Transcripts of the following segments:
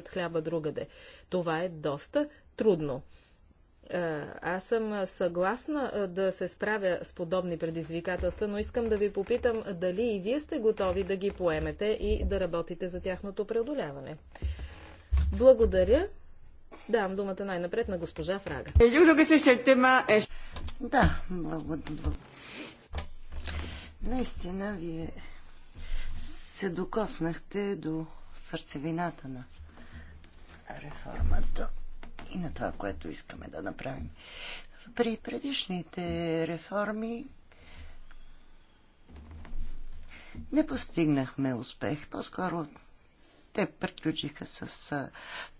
търсят хляба другаде. Това е доста трудно. Е, аз съм съгласна е, да се справя с подобни предизвикателства, но искам да ви попитам дали и вие сте готови да ги поемете и да работите за тяхното преодоляване. Благодаря. Давам думата най-напред на госпожа Фрага. Да, благодаря. Наистина, вие се докоснахте до сърцевината на реформата и на това, което искаме да направим. При предишните реформи не постигнахме успех. По-скоро те приключиха с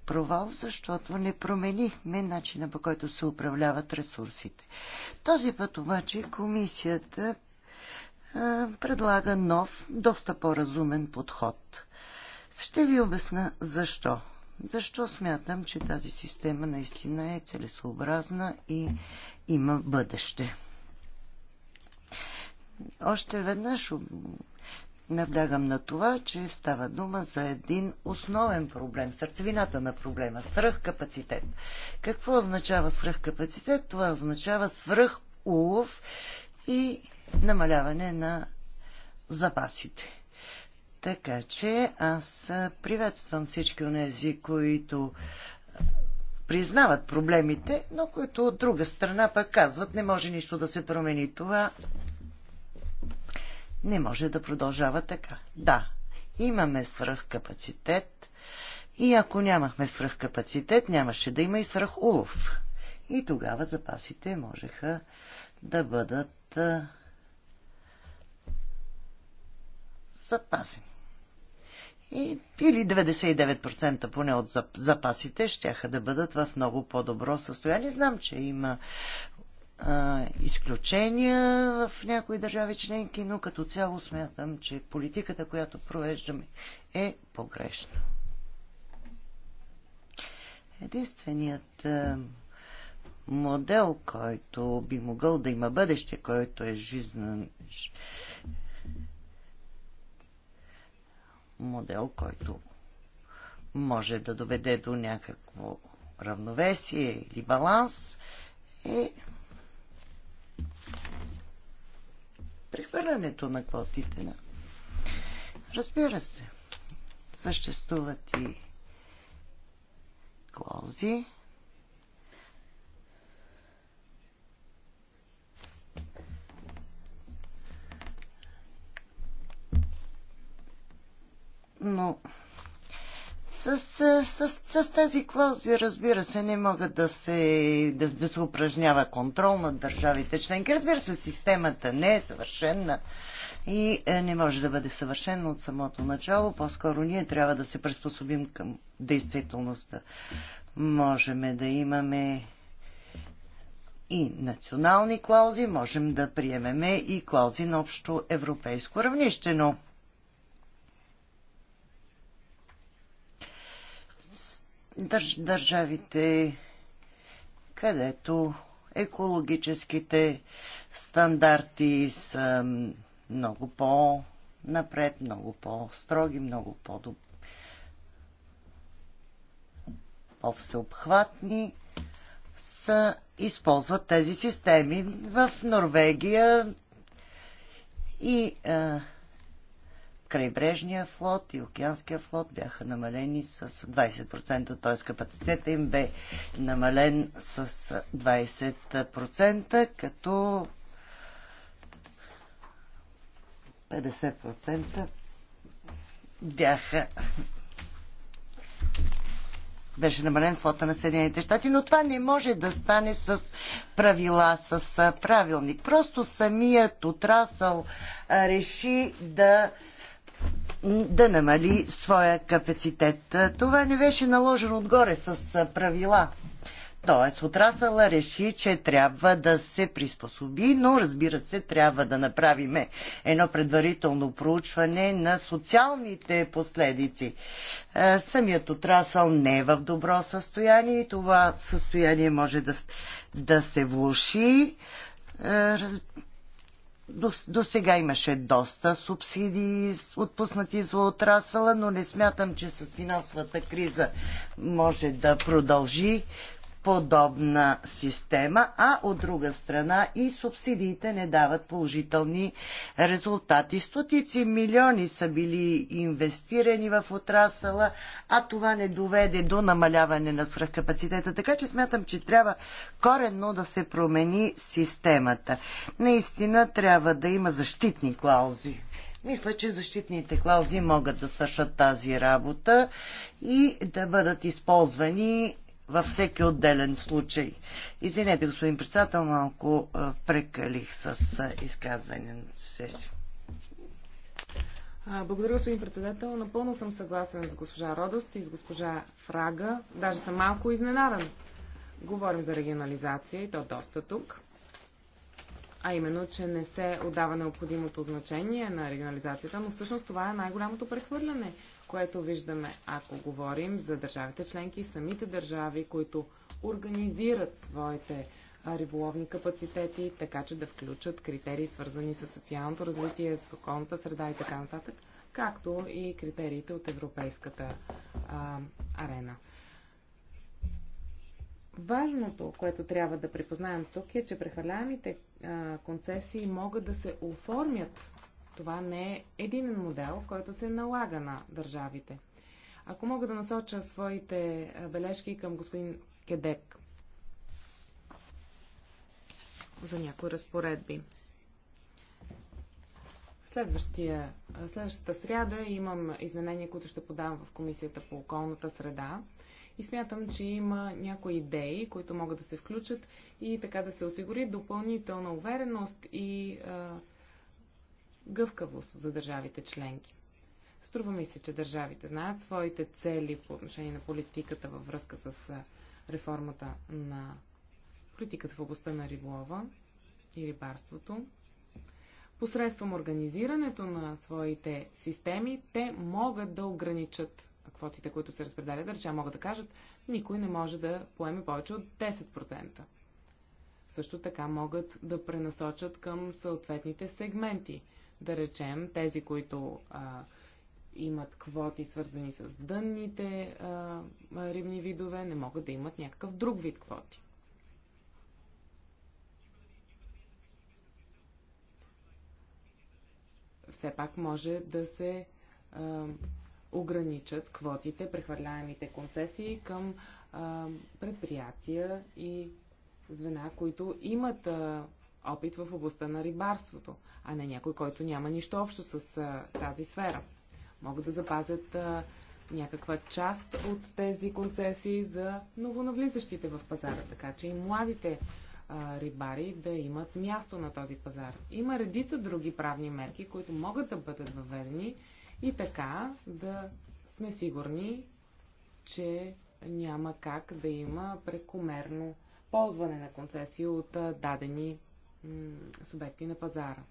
провал, защото не променихме начина по който се управляват ресурсите. Този път обаче комисията а, предлага нов, доста по-разумен подход. Ще ви обясна защо. Защо смятам, че тази система наистина е целесообразна и има бъдеще? Още веднъж наблягам на това, че става дума за един основен проблем, сърцевината на проблема свръхкапацитет. Какво означава свръхкапацитет? Това означава свръхулов и намаляване на запасите. Така че аз приветствам всички от тези, които признават проблемите, но които от друга страна пък казват, не може нищо да се промени. Това не може да продължава така. Да, имаме свръхкапацитет и ако нямахме свръхкапацитет, нямаше да има и свръхулов. И тогава запасите можеха да бъдат запазени. И, или 99% поне от запасите ще да бъдат в много по-добро състояние. Знам, че има а, изключения в някои държави членки, но като цяло смятам, че политиката, която провеждаме, е погрешна. Единственият а, модел, който би могъл да има бъдеще, който е жизнен, модел, който може да доведе до някакво равновесие или баланс е прехвърлянето на квотите. На... Разбира се, съществуват и клаузи, Но с, с, с, с тези клаузи, разбира се, не могат да се, да, да се упражнява контрол над държавите членки. Разбира се, системата не е съвършена и е, не може да бъде съвършена от самото начало. По-скоро ние трябва да се приспособим към действителността. Можем да имаме и национални клаузи, можем да приемеме и клаузи на общо европейско равнище, но държ, държавите, където екологическите стандарти са много по-напред, много по-строги, много по строги много по всеобхватни са, използват тези системи. В Норвегия и а, крайбрежния флот и океанския флот бяха намалени с 20%, т.е. капацитета им бе намален с 20%, като 50% бяха беше намален флота на Съединените щати, но това не може да стане с правила, с правилник. Просто самият отрасъл реши да да намали своя капацитет. Това не беше наложено отгоре с правила. Тоест, отрасъла реши, че трябва да се приспособи, но разбира се, трябва да направиме едно предварително проучване на социалните последици. Самият отрасъл не е в добро състояние и това състояние може да, да се влуши до, до сега имаше доста субсидии, отпуснати за отрасъла, но не смятам, че с финансовата криза може да продължи подобна система, а от друга страна и субсидиите не дават положителни резултати. Стотици милиони са били инвестирани в отрасъла, а това не доведе до намаляване на свръхкапацитета. Така че смятам, че трябва коренно да се промени системата. Наистина трябва да има защитни клаузи. Мисля, че защитните клаузи могат да свършат тази работа и да бъдат използвани във всеки отделен случай. Извинете, господин председател, малко прекалих с изказване на си. Благодаря, господин председател. Напълно съм съгласен с госпожа Родост и с госпожа Фрага. Даже съм малко изненадан. Говорим за регионализация и то доста тук. А именно, че не се отдава необходимото значение на регионализацията, но всъщност това е най-голямото прехвърляне което виждаме, ако говорим за държавите членки, самите държави, които организират своите риболовни капацитети, така че да включат критерии, свързани с социалното развитие, с околната среда и така нататък, както и критериите от европейската а, арена. Важното, което трябва да припознаем тук е, че прехвърляемите концесии могат да се оформят това не е един модел, който се налага на държавите. Ако мога да насоча своите бележки към господин Кедек за някои разпоредби. Следващия, следващата сряда имам изменения, които ще подам в Комисията по околната среда и смятам, че има някои идеи, които могат да се включат и така да се осигури допълнителна увереност и а, гъвкавост за държавите членки. Струва ми се, че държавите знаят своите цели по отношение на политиката във връзка с реформата на политиката в областта на риболова и рибарството. Посредством организирането на своите системи, те могат да ограничат квотите, които се разпределят. Да могат да кажат, никой не може да поеме повече от 10%. Също така могат да пренасочат към съответните сегменти – да речем, тези, които а, имат квоти свързани с дънните а, рибни видове, не могат да имат някакъв друг вид квоти. Все пак може да се а, ограничат квотите, прехвърляемите концесии към а, предприятия и звена, които имат а, опит в областта на рибарството, а не някой, който няма нищо общо с а, тази сфера. Могат да запазят а, някаква част от тези концесии за новонавлизащите в пазара, така че и младите а, рибари да имат място на този пазар. Има редица други правни мерки, които могат да бъдат въведени и така да сме сигурни, че няма как да има прекомерно ползване на концесии от дадени субекти на пазара.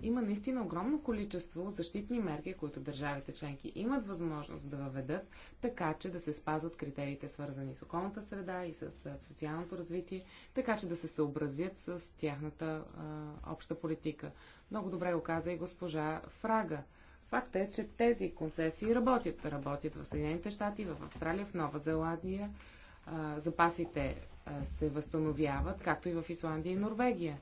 Има наистина огромно количество защитни мерки, които държавите членки имат възможност да въведат, така че да се спазват критериите, свързани с околната среда и с социалното развитие, така че да се съобразят с тяхната а, обща политика. Много добре го каза и госпожа Фрага. Факт е, че тези концесии работят. Работят в Съединените щати, в Австралия, в Нова Зеландия. Запасите се възстановяват, както и в Исландия и Норвегия.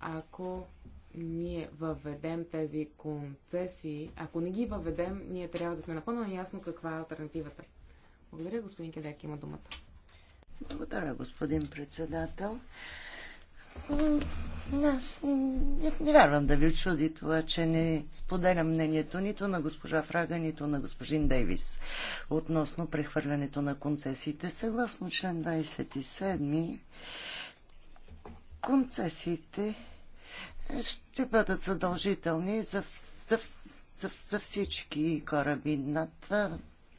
Ако ние въведем тези концесии, ако не ги въведем, ние трябва да сме напълно ясно, каква е альтернативата. Благодаря, господин Кедек, има думата. Благодаря, господин председател. Аз не вярвам да ви очуди това, че не споделям мнението нито на госпожа Фрага, нито на господин Дейвис относно прехвърлянето на концесиите. Съгласно член 27, концесиите ще бъдат задължителни за, за, за, за всички кораби над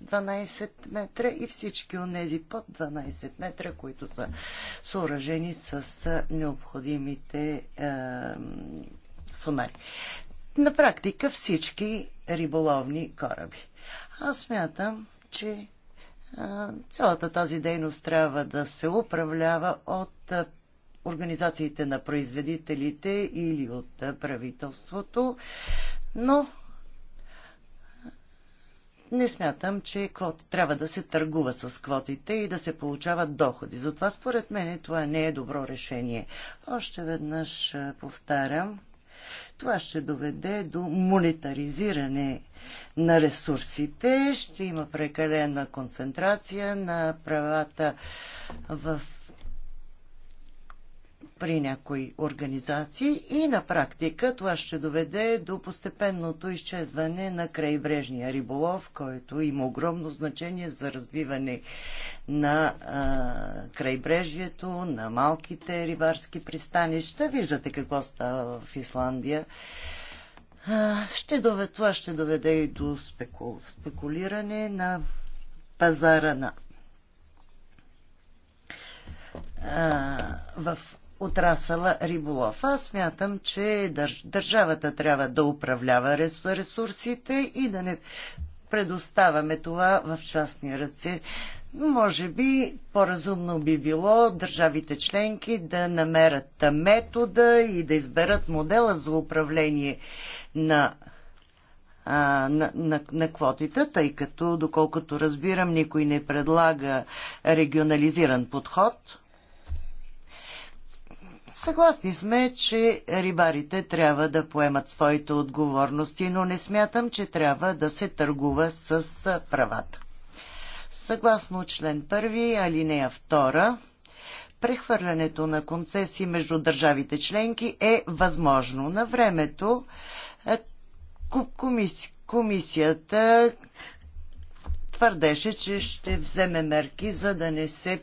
12 метра и всички от тези под 12 метра, които са съоръжени с необходимите е, сонари. На практика всички риболовни кораби. Аз смятам, че цялата тази дейност трябва да се управлява от организациите на производителите или от правителството, но не смятам, че квот, трябва да се търгува с квотите и да се получават доходи. Затова според мен това не е добро решение. Още веднъж повтарям, това ще доведе до монетаризиране на ресурсите, ще има прекалена концентрация на правата в при някои организации и на практика това ще доведе до постепенното изчезване на крайбрежния риболов, който има огромно значение за развиване на а, крайбрежието, на малките рибарски пристанища. Виждате какво става в Исландия. А, ще доведе, това ще доведе и до спекул, спекулиране на пазара на а, в отрасъла риболов. Аз смятам, че държавата трябва да управлява ресурсите и да не предоставяме това в частни ръце. Може би по-разумно би било държавите членки да намерят метода и да изберат модела за управление на а, на, на, на квотите, тъй като, доколкото разбирам, никой не предлага регионализиран подход. Съгласни сме, че рибарите трябва да поемат своите отговорности, но не смятам, че трябва да се търгува с правата. Съгласно член 1, алинея 2, прехвърлянето на концесии между държавите членки е възможно. На времето комисията твърдеше, че ще вземе мерки, за да не се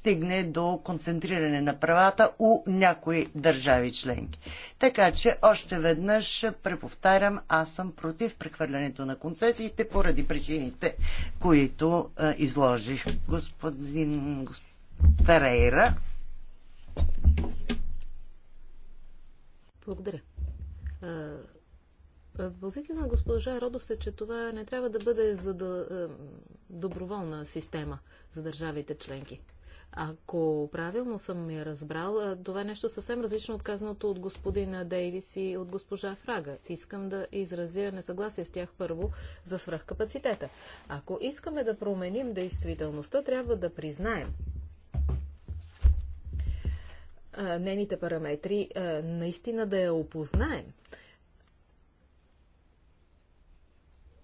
стигне до концентриране на правата у някои държави членки. Така че още веднъж преповтарям, аз съм против прехвърлянето на концесиите поради причините, които а, е, изложих. Господин Ферейра. Благодаря. Е, е, Позицията на госпожа Родост е, че това не трябва да бъде за да, доброволна система за държавите членки. Ако правилно съм я разбрал, това е нещо съвсем различно от казаното от господина Дейвис и от госпожа Фрага. Искам да изразя несъгласие с тях първо за свръхкапацитета. Ако искаме да променим действителността, трябва да признаем, нейните параметри, наистина да я опознаем.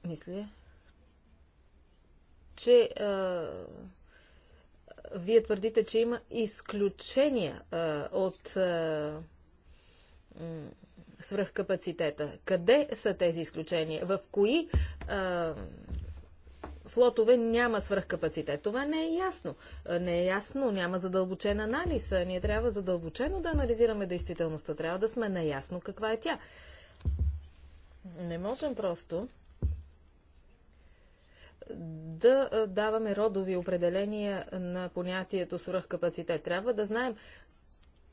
Мисля, че вие твърдите, че има изключения а, от а, свръхкапацитета. Къде са тези изключения? В кои а, флотове няма свръхкапацитет? Това не е ясно. Не е ясно, няма задълбочен анализ. Ние трябва задълбочено да анализираме действителността. Трябва да сме наясно каква е тя. Не можем просто да даваме родови определения на понятието свръхкапацитет. Трябва да знаем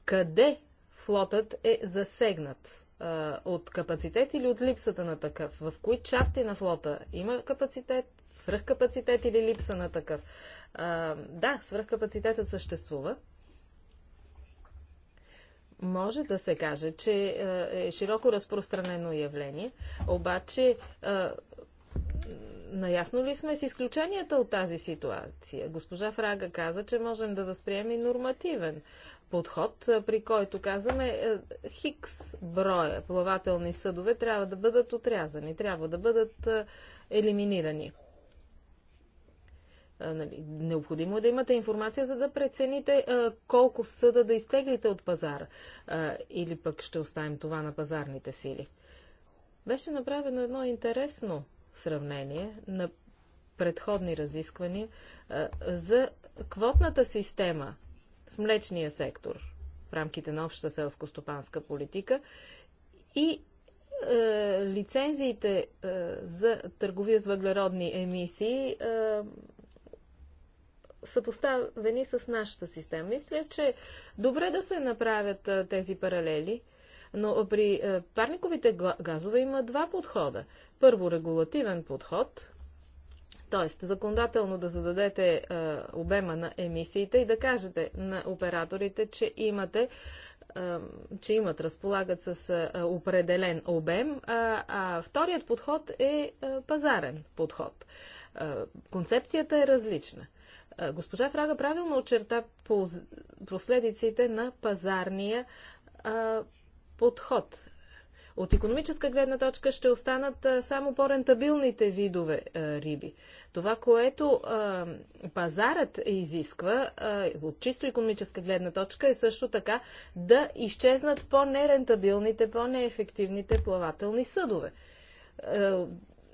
къде флотът е засегнат от капацитет или от липсата на такъв. В кои части на флота има капацитет, свръхкапацитет или липса на такъв. да, свръхкапацитетът съществува. Може да се каже, че е широко разпространено явление, обаче Наясно ли сме с изключенията от тази ситуация? Госпожа Фрага каза, че можем да възприемем нормативен подход, при който казваме е, хикс броя плавателни съдове трябва да бъдат отрязани, трябва да бъдат елиминирани. Нали, необходимо е да имате информация, за да прецените колко съда да изтеглите от пазара или пък ще оставим това на пазарните сили. Беше направено едно интересно сравнение на предходни разисквания за квотната система в млечния сектор в рамките на обща селско-стопанска политика и е, лицензиите е, за търговия с въглеродни емисии е, са поставени с нашата система. Мисля, че добре да се направят е, тези паралели – но при е, парниковите газове има два подхода. Първо, регулативен подход, т.е. законодателно да зададете е, обема на емисиите и да кажете на операторите, че имате е, че имат, разполагат с определен обем, а, а вторият подход е пазарен подход. концепцията е различна. госпожа Фрага правилно очерта последиците на пазарния подход. От економическа гледна точка ще останат само по-рентабилните видове риби. Това, което пазарът изисква от чисто економическа гледна точка е също така да изчезнат по-нерентабилните, по-неефективните плавателни съдове.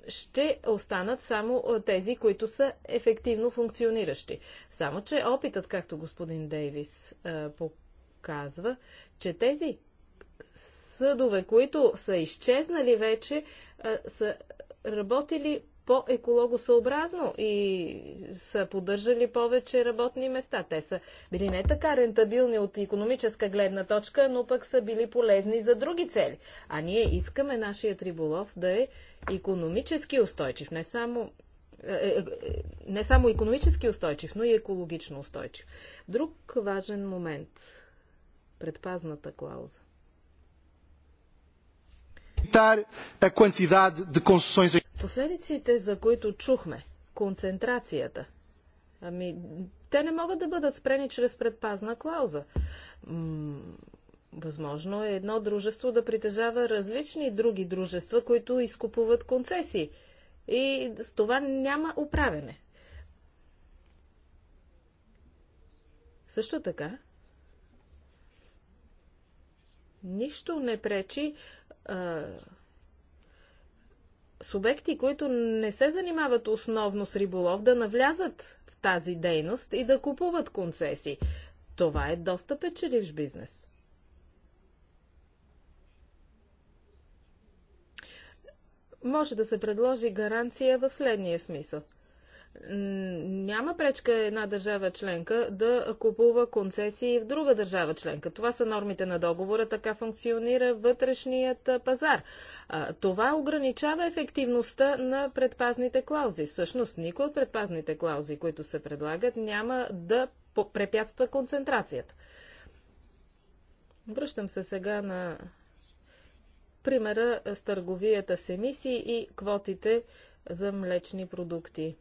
ще останат само тези, които са ефективно функциониращи. Само, че опитът, както господин Дейвис показва, че тези съдове, които са изчезнали вече, са работили по-екологосъобразно и са поддържали повече работни места. Те са били не така рентабилни от економическа гледна точка, но пък са били полезни за други цели. А ние искаме нашия триболов да е економически устойчив, не само е, е, е, не само економически устойчив, но и екологично устойчив. Друг важен момент предпазната клауза limitar a quantidade de concessões. Последиците, за които чухме, концентрацията, ами, те не могат да бъдат спрени чрез предпазна клауза. М възможно е едно дружество да притежава различни други дружества, които изкупуват концесии. И с това няма управене. Също така, нищо не пречи субекти, които не се занимават основно с риболов, да навлязат в тази дейност и да купуват концесии. Това е доста печеливш бизнес. Може да се предложи гаранция в следния смисъл – няма пречка една държава членка да купува концесии в друга държава членка. Това са нормите на договора, така функционира вътрешният пазар. Това ограничава ефективността на предпазните клаузи. Всъщност, никой от предпазните клаузи, които се предлагат, няма да препятства концентрацията. Връщам се сега на примера с търговията с емисии и квотите за млечни продукти.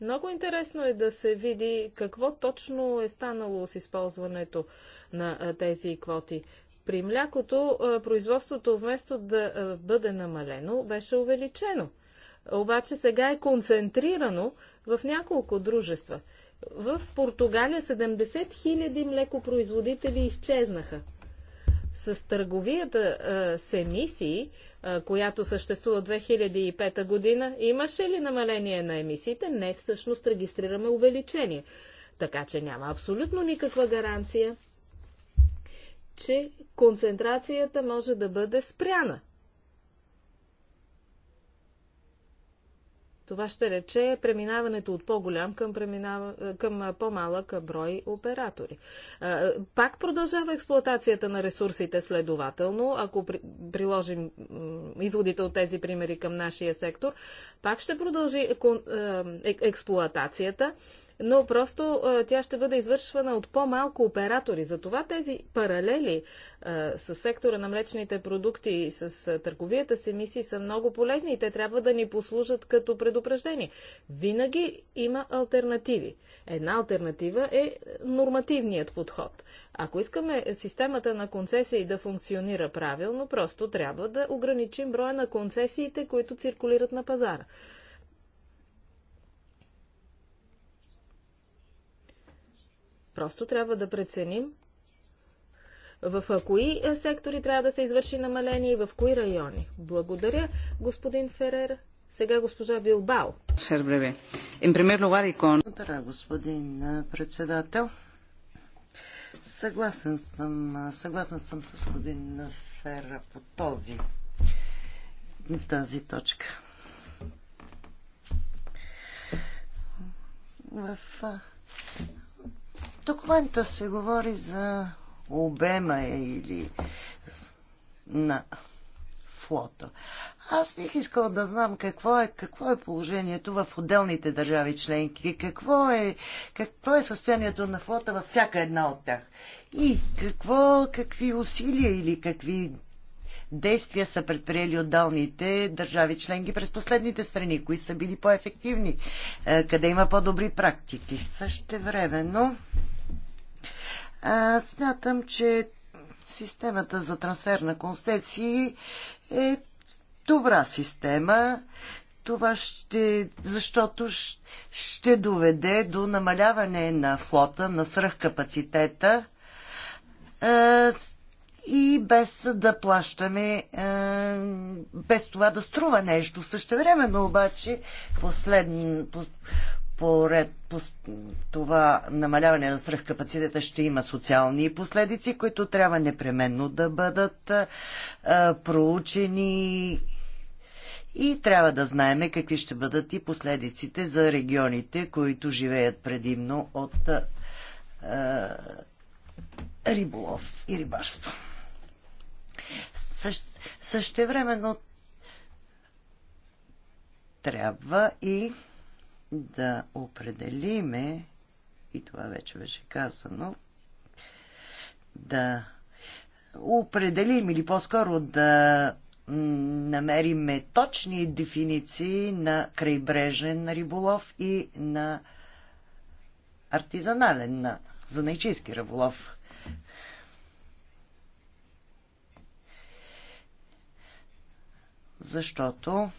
Много интересно е да се види какво точно е станало с използването на тези квоти. При млякото производството вместо да бъде намалено, беше увеличено. Обаче сега е концентрирано в няколко дружества. В Португалия 70 000 млекопроизводители изчезнаха. С търговията с емисии която съществува 2005 година, имаше ли намаление на емисиите? Не, всъщност регистрираме увеличение. Така че няма абсолютно никаква гаранция, че концентрацията може да бъде спряна. Това ще рече преминаването от по-голям към, преминава, към по-малък брой оператори. Пак продължава експлуатацията на ресурсите следователно. Ако при, приложим изводите от тези примери към нашия сектор, пак ще продължи е-, експлуатацията но просто тя ще бъде извършвана от по-малко оператори. Затова тези паралели с сектора на млечните продукти и с търговията с емисии са много полезни и те трябва да ни послужат като предупреждение. Винаги има альтернативи. Една альтернатива е нормативният подход. Ако искаме системата на концесии да функционира правилно, просто трябва да ограничим броя на концесиите, които циркулират на пазара. Просто трябва да преценим в кои сектори трябва да се извърши намаление и в кои райони. Благодаря, господин Ферер. Сега госпожа Билбао. Благодаря, господин председател. Съгласен съм, съгласен съм с господин Ферер по този, тази точка. В документа се говори за обема е или на флота. Аз бих искал да знам какво е, какво е положението в отделните държави членки, какво е, какво е състоянието на флота във всяка една от тях и какво, какви усилия или какви действия са предприели отдалните държави членки през последните страни, кои са били по-ефективни, е, къде има по-добри практики. Също времено, смятам, че системата за трансфер на концесии е добра система. Това ще, защото ще доведе до намаляване на флота, на свръхкапацитета и без да плащаме, без това да струва нещо. Същевременно обаче, последно. Поред по, това намаляване на свръхкапацитета ще има социални последици, които трябва непременно да бъдат а, проучени и трябва да знаеме какви ще бъдат и последиците за регионите, които живеят предимно от а, риболов и рибарство. Същ, същевременно трябва и да определиме, и това вече беше казано, да определим или по-скоро да намериме точни дефиниции на крайбрежен риболов и на артизанален, на занайчийски риболов. Защото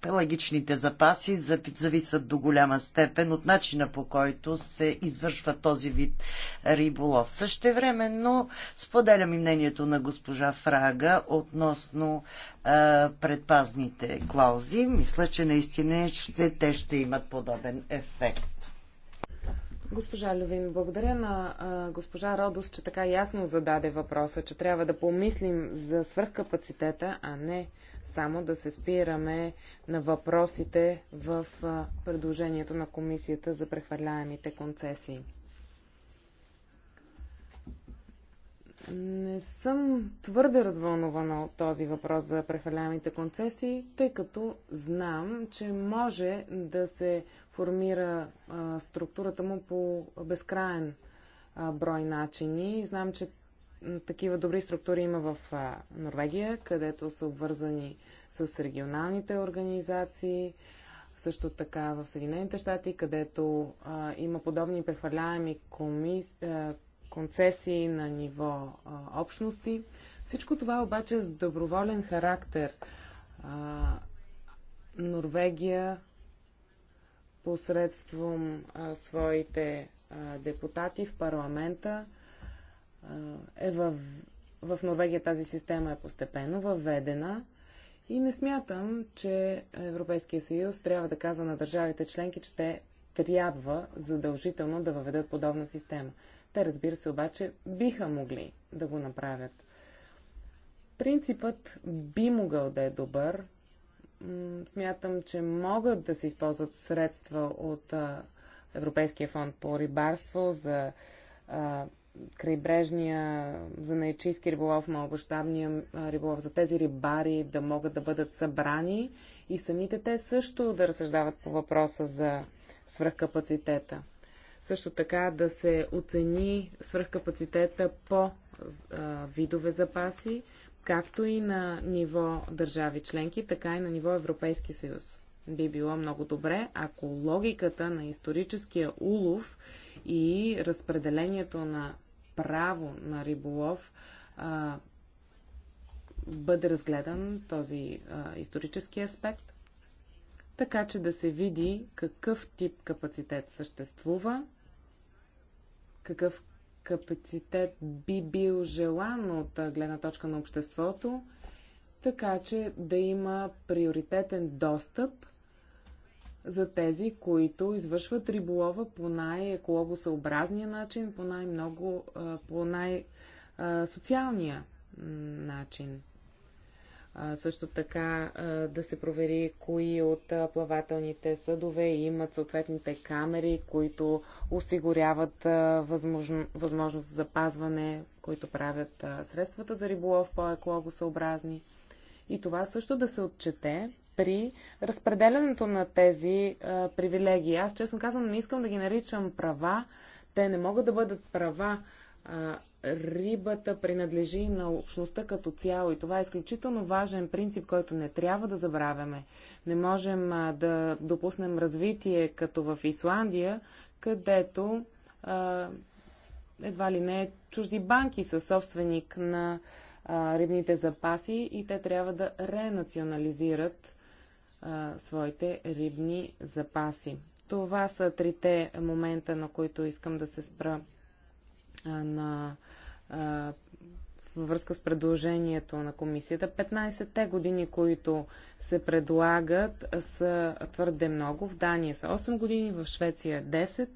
Пелагичните запаси зависят до голяма степен от начина по който се извършва този вид риболов. Същевременно споделям и мнението на госпожа Фрага относно а, предпазните клаузи. Мисля, че наистина ще, те ще имат подобен ефект. Госпожа Лювин, благодаря на а, госпожа Родос, че така ясно зададе въпроса, че трябва да помислим за свръхкапацитета, а не само да се спираме на въпросите в а, предложението на Комисията за прехвърляемите концесии. Не съм твърде развълнувана от този въпрос за прехвалямите концесии, тъй като знам, че може да се формира а, структурата му по безкраен а, брой начини. Знам, че такива добри структури има в а, Норвегия, където са обвързани с регионалните организации, също така в Съединените щати, където а, има подобни прехвърляеми комисии концесии, на ниво а, общности. Всичко това обаче е с доброволен характер. А, Норвегия посредством а, своите а, депутати в парламента а, е в, в Норвегия тази система е постепенно въведена. И не смятам, че Европейския съюз трябва да казва на държавите членки, че те трябва задължително да въведат подобна система. Те, разбира се, обаче биха могли да го направят. Принципът би могъл да е добър. Смятам, че могат да се използват средства от Европейския фонд по рибарство за крайбрежния, за наечийски риболов, малгощабния риболов, за тези рибари да могат да бъдат събрани и самите те също да разсъждават по въпроса за свръхкапацитета. Също така да се оцени свръхкапацитета по а, видове запаси, както и на ниво държави членки, така и на ниво Европейски съюз. Би било много добре, ако логиката на историческия улов и разпределението на право на риболов а, бъде разгледан този а, исторически аспект така че да се види какъв тип капацитет съществува, какъв капацитет би бил желан от гледна точка на обществото, така че да има приоритетен достъп за тези, които извършват риболова по най-екологосъобразния начин, по най-много, по най-социалния начин също така да се провери кои от плавателните съдове имат съответните камери, които осигуряват възможно, възможност за запазване, които правят средствата за риболов по-екологосъобразни. И това също да се отчете при разпределянето на тези а, привилегии. Аз честно казвам, не искам да ги наричам права. Те не могат да бъдат права, а, рибата принадлежи на общността като цяло и това е изключително важен принцип, който не трябва да забравяме. Не можем а, да допуснем развитие като в Исландия, където а, едва ли не чужди банки са собственик на а, рибните запаси и те трябва да ренационализират а, своите рибни запаси. Това са трите момента, на които искам да се спра на във връзка с предложението на комисията. 15-те години, които се предлагат, са твърде много. В Дания са 8 години, в Швеция 10 е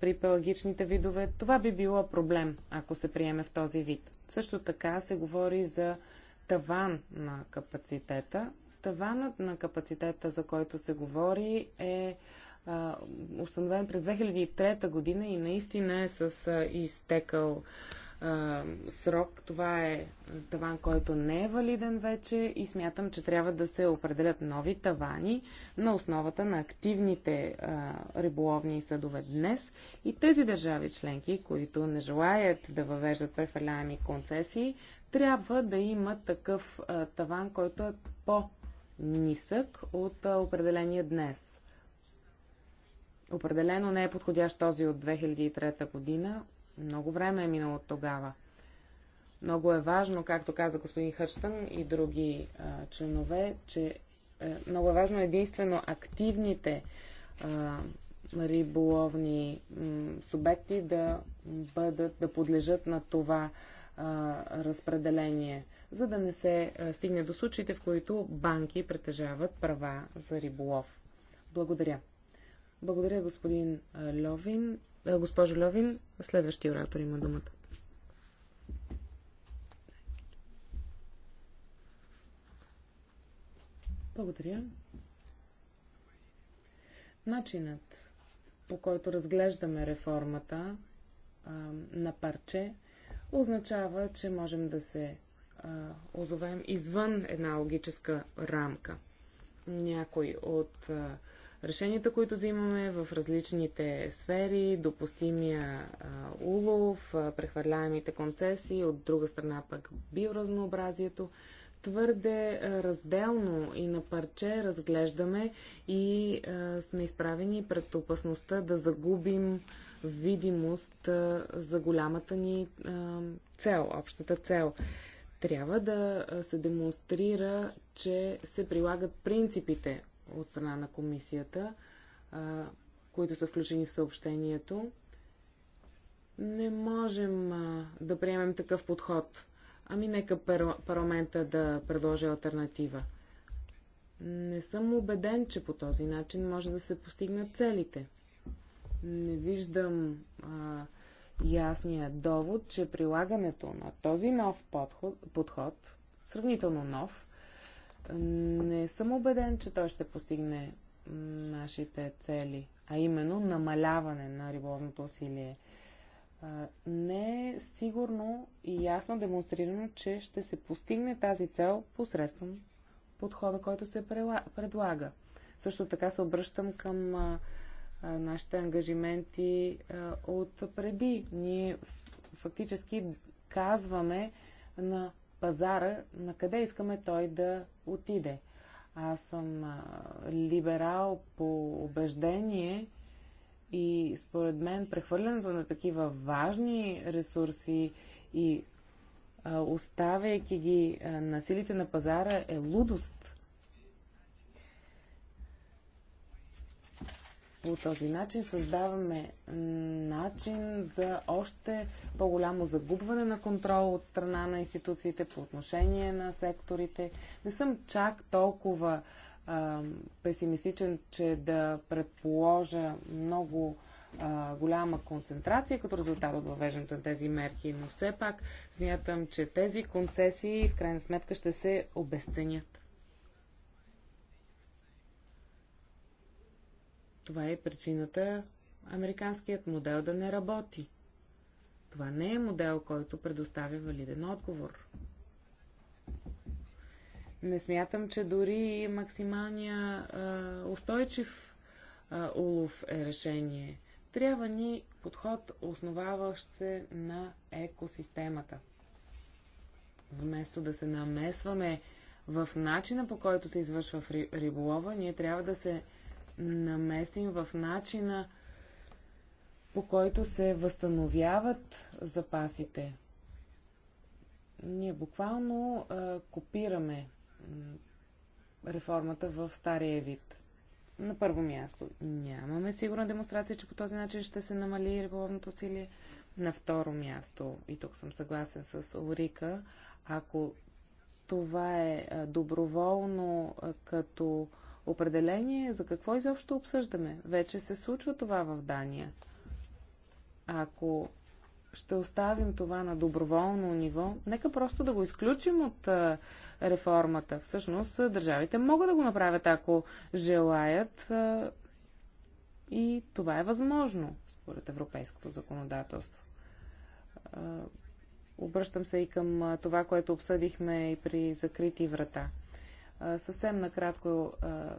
при пелагичните видове. Това би било проблем, ако се приеме в този вид. Също така се говори за таван на капацитета. Таванът на капацитета, за който се говори, е установен през 2003 година и наистина е с а, изтекал а, срок. Това е таван, който не е валиден вече и смятам, че трябва да се определят нови тавани на основата на активните а, риболовни съдове днес и тези държави членки, които не желаят да въвеждат прехвърляеми концесии, трябва да имат такъв а, таван, който е по-нисък от а, определения днес. Определено не е подходящ този от 2003 година. Много време е минало от тогава. Много е важно, както каза господин Хърстън и други а, членове, че е, много е важно единствено активните а, риболовни субекти да бъдат, да подлежат на това а, разпределение, за да не се е, стигне до случаите, в които банки притежават права за риболов. Благодаря. Благодаря, господин Льовин. Госпожо Льовин, следващия оратор има думата. Благодаря. Начинът, по който разглеждаме реформата а, на парче, означава, че можем да се а, озовем извън една логическа рамка. Някой от а, решенията, които взимаме в различните сфери, допустимия а, улов, а, прехвърляемите концесии, от друга страна пък биоразнообразието. Твърде а, разделно и на парче разглеждаме и а, сме изправени пред опасността да загубим видимост а, за голямата ни а, цел, общата цел трябва да се демонстрира, че се прилагат принципите от страна на комисията, които са включени в съобщението. Не можем да приемем такъв подход. Ами нека парламента да предложи альтернатива. Не съм убеден, че по този начин може да се постигнат целите. Не виждам а, ясния довод, че прилагането на този нов подход, подход сравнително нов, не съм убеден, че той ще постигне нашите цели, а именно намаляване на риболовното усилие. Не е сигурно и ясно демонстрирано, че ще се постигне тази цел посредством подхода, който се предлага. Също така се обръщам към нашите ангажименти от преди. Ние фактически казваме на пазара, на къде искаме той да отиде. Аз съм либерал по убеждение и според мен прехвърлянето на такива важни ресурси и оставяйки ги на силите на пазара е лудост. По този начин създаваме начин за още по-голямо загубване на контрол от страна на институциите по отношение на секторите. Не съм чак толкова а, песимистичен, че да предположа много а, голяма концентрация като резултат от въвеждането на тези мерки, но все пак смятам, че тези концесии в крайна сметка ще се обесценят. Това е причината американският модел да не работи. Това не е модел, който предоставя валиден отговор. Не смятам, че дори максималния а, устойчив а, улов е решение. Трябва ни подход, основаващ се на екосистемата. Вместо да се намесваме в начина по който се извършва риболова, ние трябва да се намесим в начина по който се възстановяват запасите. Ние буквално а, копираме реформата в стария вид. На първо място, нямаме сигурна демонстрация, че по този начин ще се намали риболовното усилие. На второ място, и тук съм съгласен с Орика, ако това е доброволно като определение за какво изобщо обсъждаме. Вече се случва това в Дания. Ако ще оставим това на доброволно ниво, нека просто да го изключим от а, реформата. Всъщност, държавите могат да го направят, ако желаят. А, и това е възможно, според европейското законодателство. А, обръщам се и към това, което обсъдихме и при закрити врата – Съвсем накратко,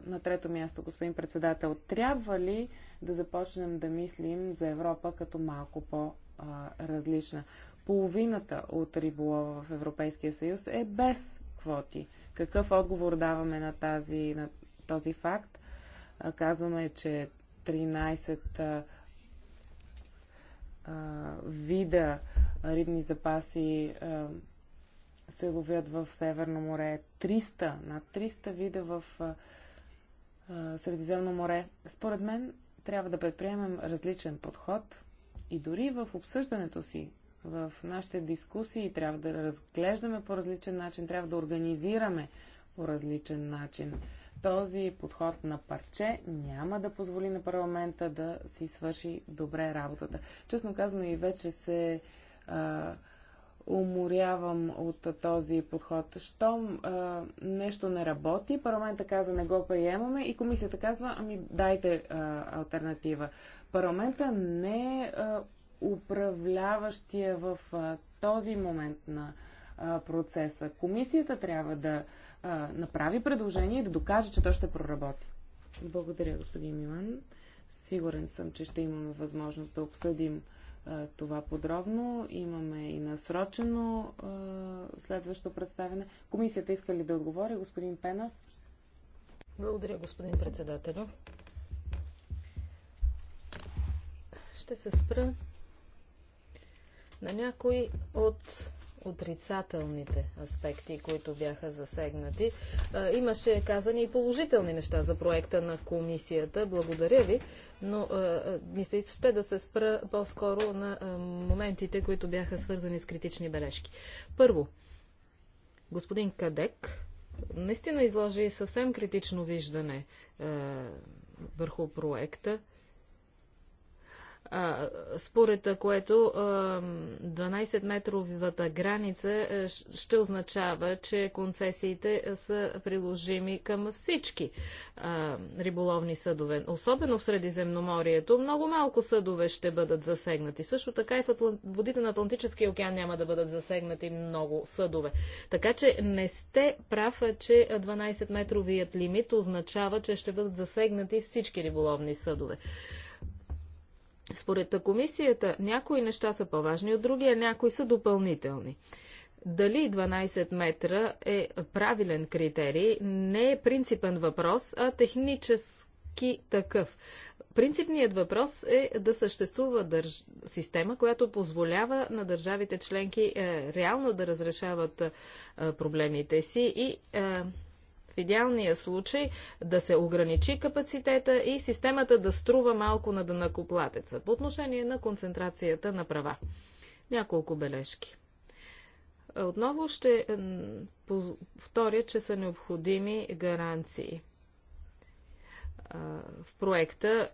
на трето място, господин председател, трябва ли да започнем да мислим за Европа като малко по-различна? Половината от риболова в Европейския съюз е без квоти. Какъв отговор даваме на, тази, на този факт? Казваме, че 13 вида рибни запаси се ловят в Северно море. 300, над 300 вида в Средиземно море. Според мен трябва да предприемем различен подход и дори в обсъждането си, в нашите дискусии трябва да разглеждаме по различен начин, трябва да организираме по различен начин. Този подход на парче няма да позволи на парламента да си свърши добре работата. Честно казано и вече се а, уморявам от този подход. Щом а, нещо не работи, парламента каза не го приемаме и комисията казва ами дайте а, альтернатива. Парламента не е а, управляващия в а, този момент на а, процеса. Комисията трябва да а, направи предложение и да докаже, че то ще проработи. Благодаря, господин Милан. Сигурен съм, че ще имаме възможност да обсъдим това подробно. Имаме и насрочено а, следващо представяне. Комисията иска ли да отговори, господин Пенас? Благодаря, господин председател. Ще се спра на някои от отрицателните аспекти, които бяха засегнати. Имаше казани и положителни неща за проекта на комисията. Благодаря ви, но ми се ще да се спра по-скоро на моментите, които бяха свързани с критични бележки. Първо, господин Кадек наистина изложи съвсем критично виждане върху проекта според което 12-метровата граница ще означава, че концесиите са приложими към всички риболовни съдове. Особено в Средиземноморието много малко съдове ще бъдат засегнати. Също така и в водите на Атлантическия океан няма да бъдат засегнати много съдове. Така че не сте прав, че 12-метровият лимит означава, че ще бъдат засегнати всички риболовни съдове. Според комисията някои неща са по-важни от други, а някои са допълнителни. Дали 12 метра е правилен критерий, не е принципен въпрос, а технически такъв. Принципният въпрос е да съществува държ... система, която позволява на държавите членки е, реално да разрешават е, проблемите си и е, в идеалния случай да се ограничи капацитета и системата да струва малко на дънакоплатеца по отношение на концентрацията на права. Няколко бележки. Отново ще повторя, че са необходими гаранции. В проекта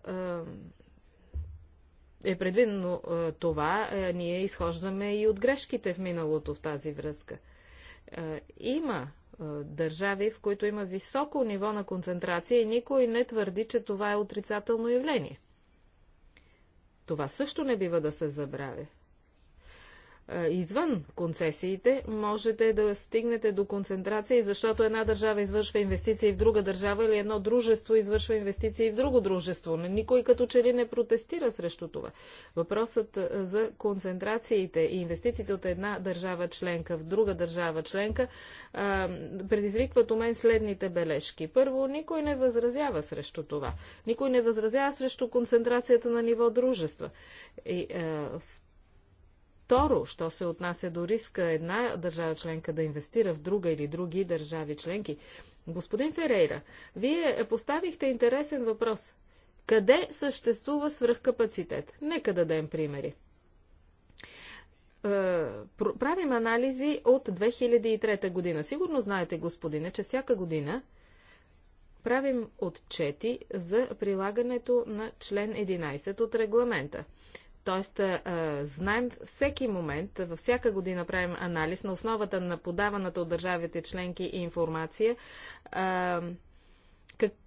е предвидено това. Ние изхождаме и от грешките в миналото в тази връзка. Има е, държави, в които има високо ниво на концентрация и никой не твърди, че това е отрицателно явление. Това също не бива да се забравя извън концесиите, можете да стигнете до концентрации, защото една държава извършва инвестиции в друга държава или едно дружество извършва инвестиции в друго дружество. Никой като че ли не протестира срещу това. Въпросът за концентрациите и инвестициите от една държава членка в друга държава членка предизвикват у мен следните бележки. Първо, никой не възразява срещу това. Никой не възразява срещу концентрацията на ниво дружества. И, а, Второ, що се отнася до риска една държава членка да инвестира в друга или други държави членки. Господин Ферейра, вие поставихте интересен въпрос. Къде съществува свръхкапацитет? Нека дадем примери. Е, правим анализи от 2003 година. Сигурно знаете, господине, че всяка година правим отчети за прилагането на член 11 от регламента. Тоест, знаем всеки момент, във всяка година правим анализ на основата на подаваната от държавите членки и информация.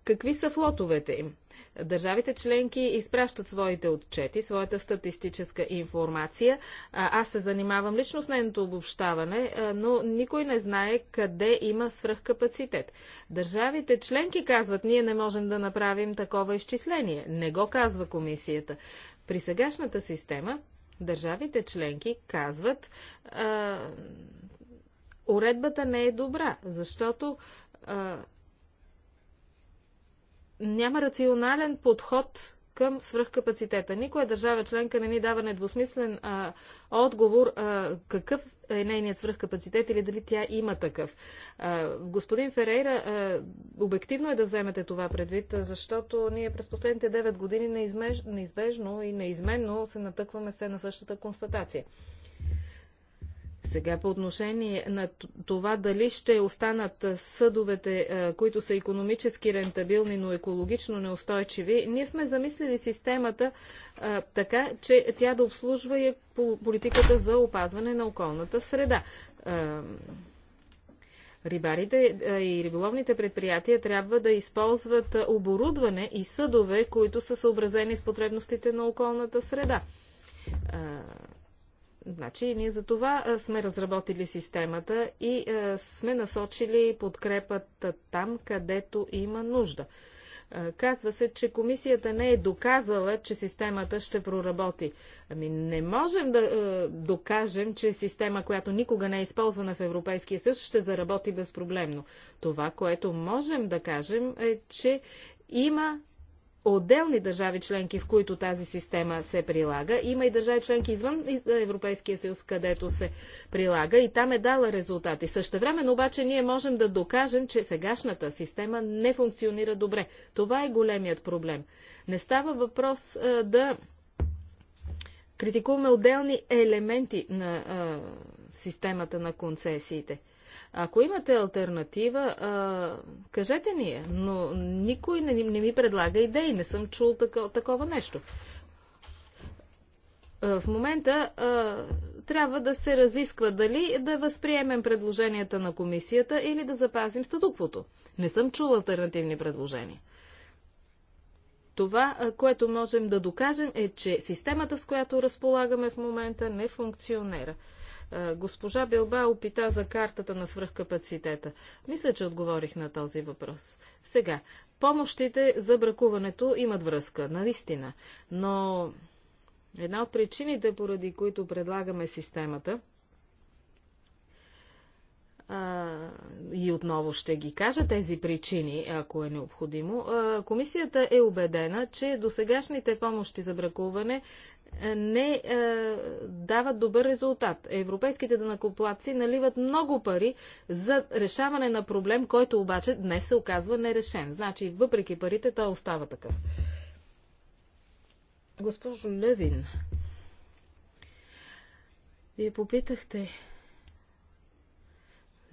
какви са флотовете им? Държавите членки изпращат своите отчети, своята статистическа информация. Аз се занимавам лично с нейното обобщаване, но никой не знае къде има свръхкапацитет. Държавите членки казват, ние не можем да направим такова изчисление. Не го казва комисията. При сегашната система държавите членки казват, а, уредбата не е добра, защото а, няма рационален подход към свръхкапацитета. Никоя държава членка не ни дава недвусмислен а, отговор а, какъв е нейният свръхкапацитет или дали тя има такъв. А, господин Ферейра, а, обективно е да вземете това предвид, защото ние през последните 9 години неизмеж... неизбежно и неизменно се натъкваме все на същата констатация. Сега по отношение на това дали ще останат съдовете, които са економически рентабилни, но екологично неустойчиви, ние сме замислили системата така, че тя да обслужва и политиката за опазване на околната среда. Рибарите и риболовните предприятия трябва да използват оборудване и съдове, които са съобразени с потребностите на околната среда. Значи ние за това сме разработили системата и сме насочили подкрепата там, където има нужда. Казва се, че комисията не е доказала, че системата ще проработи. Ами не можем да е, докажем, че система, която никога не е използвана в Европейския съюз, ще заработи безпроблемно. Това, което можем да кажем е, че има отделни държави членки, в които тази система се прилага. Има и държави членки извън е, Европейския съюз, където се прилага и там е дала резултати. също но обаче ние можем да докажем, че сегашната система не функционира добре. Това е големият проблем. Не става въпрос а, е, да критикуваме отделни елементи на а, е, системата на концесиите – ако имате альтернатива, а, кажете ни я, но никой не, не ми предлага идеи, не съм чул тако, такова нещо. в момента а, трябва да се разисква дали да възприемем предложенията на комисията или да запазим статуквото. Не съм чул альтернативни предложения. Това, което можем да докажем е, че системата, с която разполагаме в момента, не функционира. Е, госпожа Билба опита за картата на свръхкапацитета. Мисля, че отговорих на този въпрос. Сега, помощите за бракуването имат връзка, наистина. Но една от причините, поради които предлагаме системата, а, и отново ще ги кажа тези причини, ако е необходимо. А, комисията е убедена, че досегашните помощи за бракуване не е, дават добър резултат. Европейските данакоплаци наливат много пари за решаване на проблем, който обаче днес се оказва нерешен. Значи, въпреки парите, той остава такъв. Госпожо Левин, вие попитахте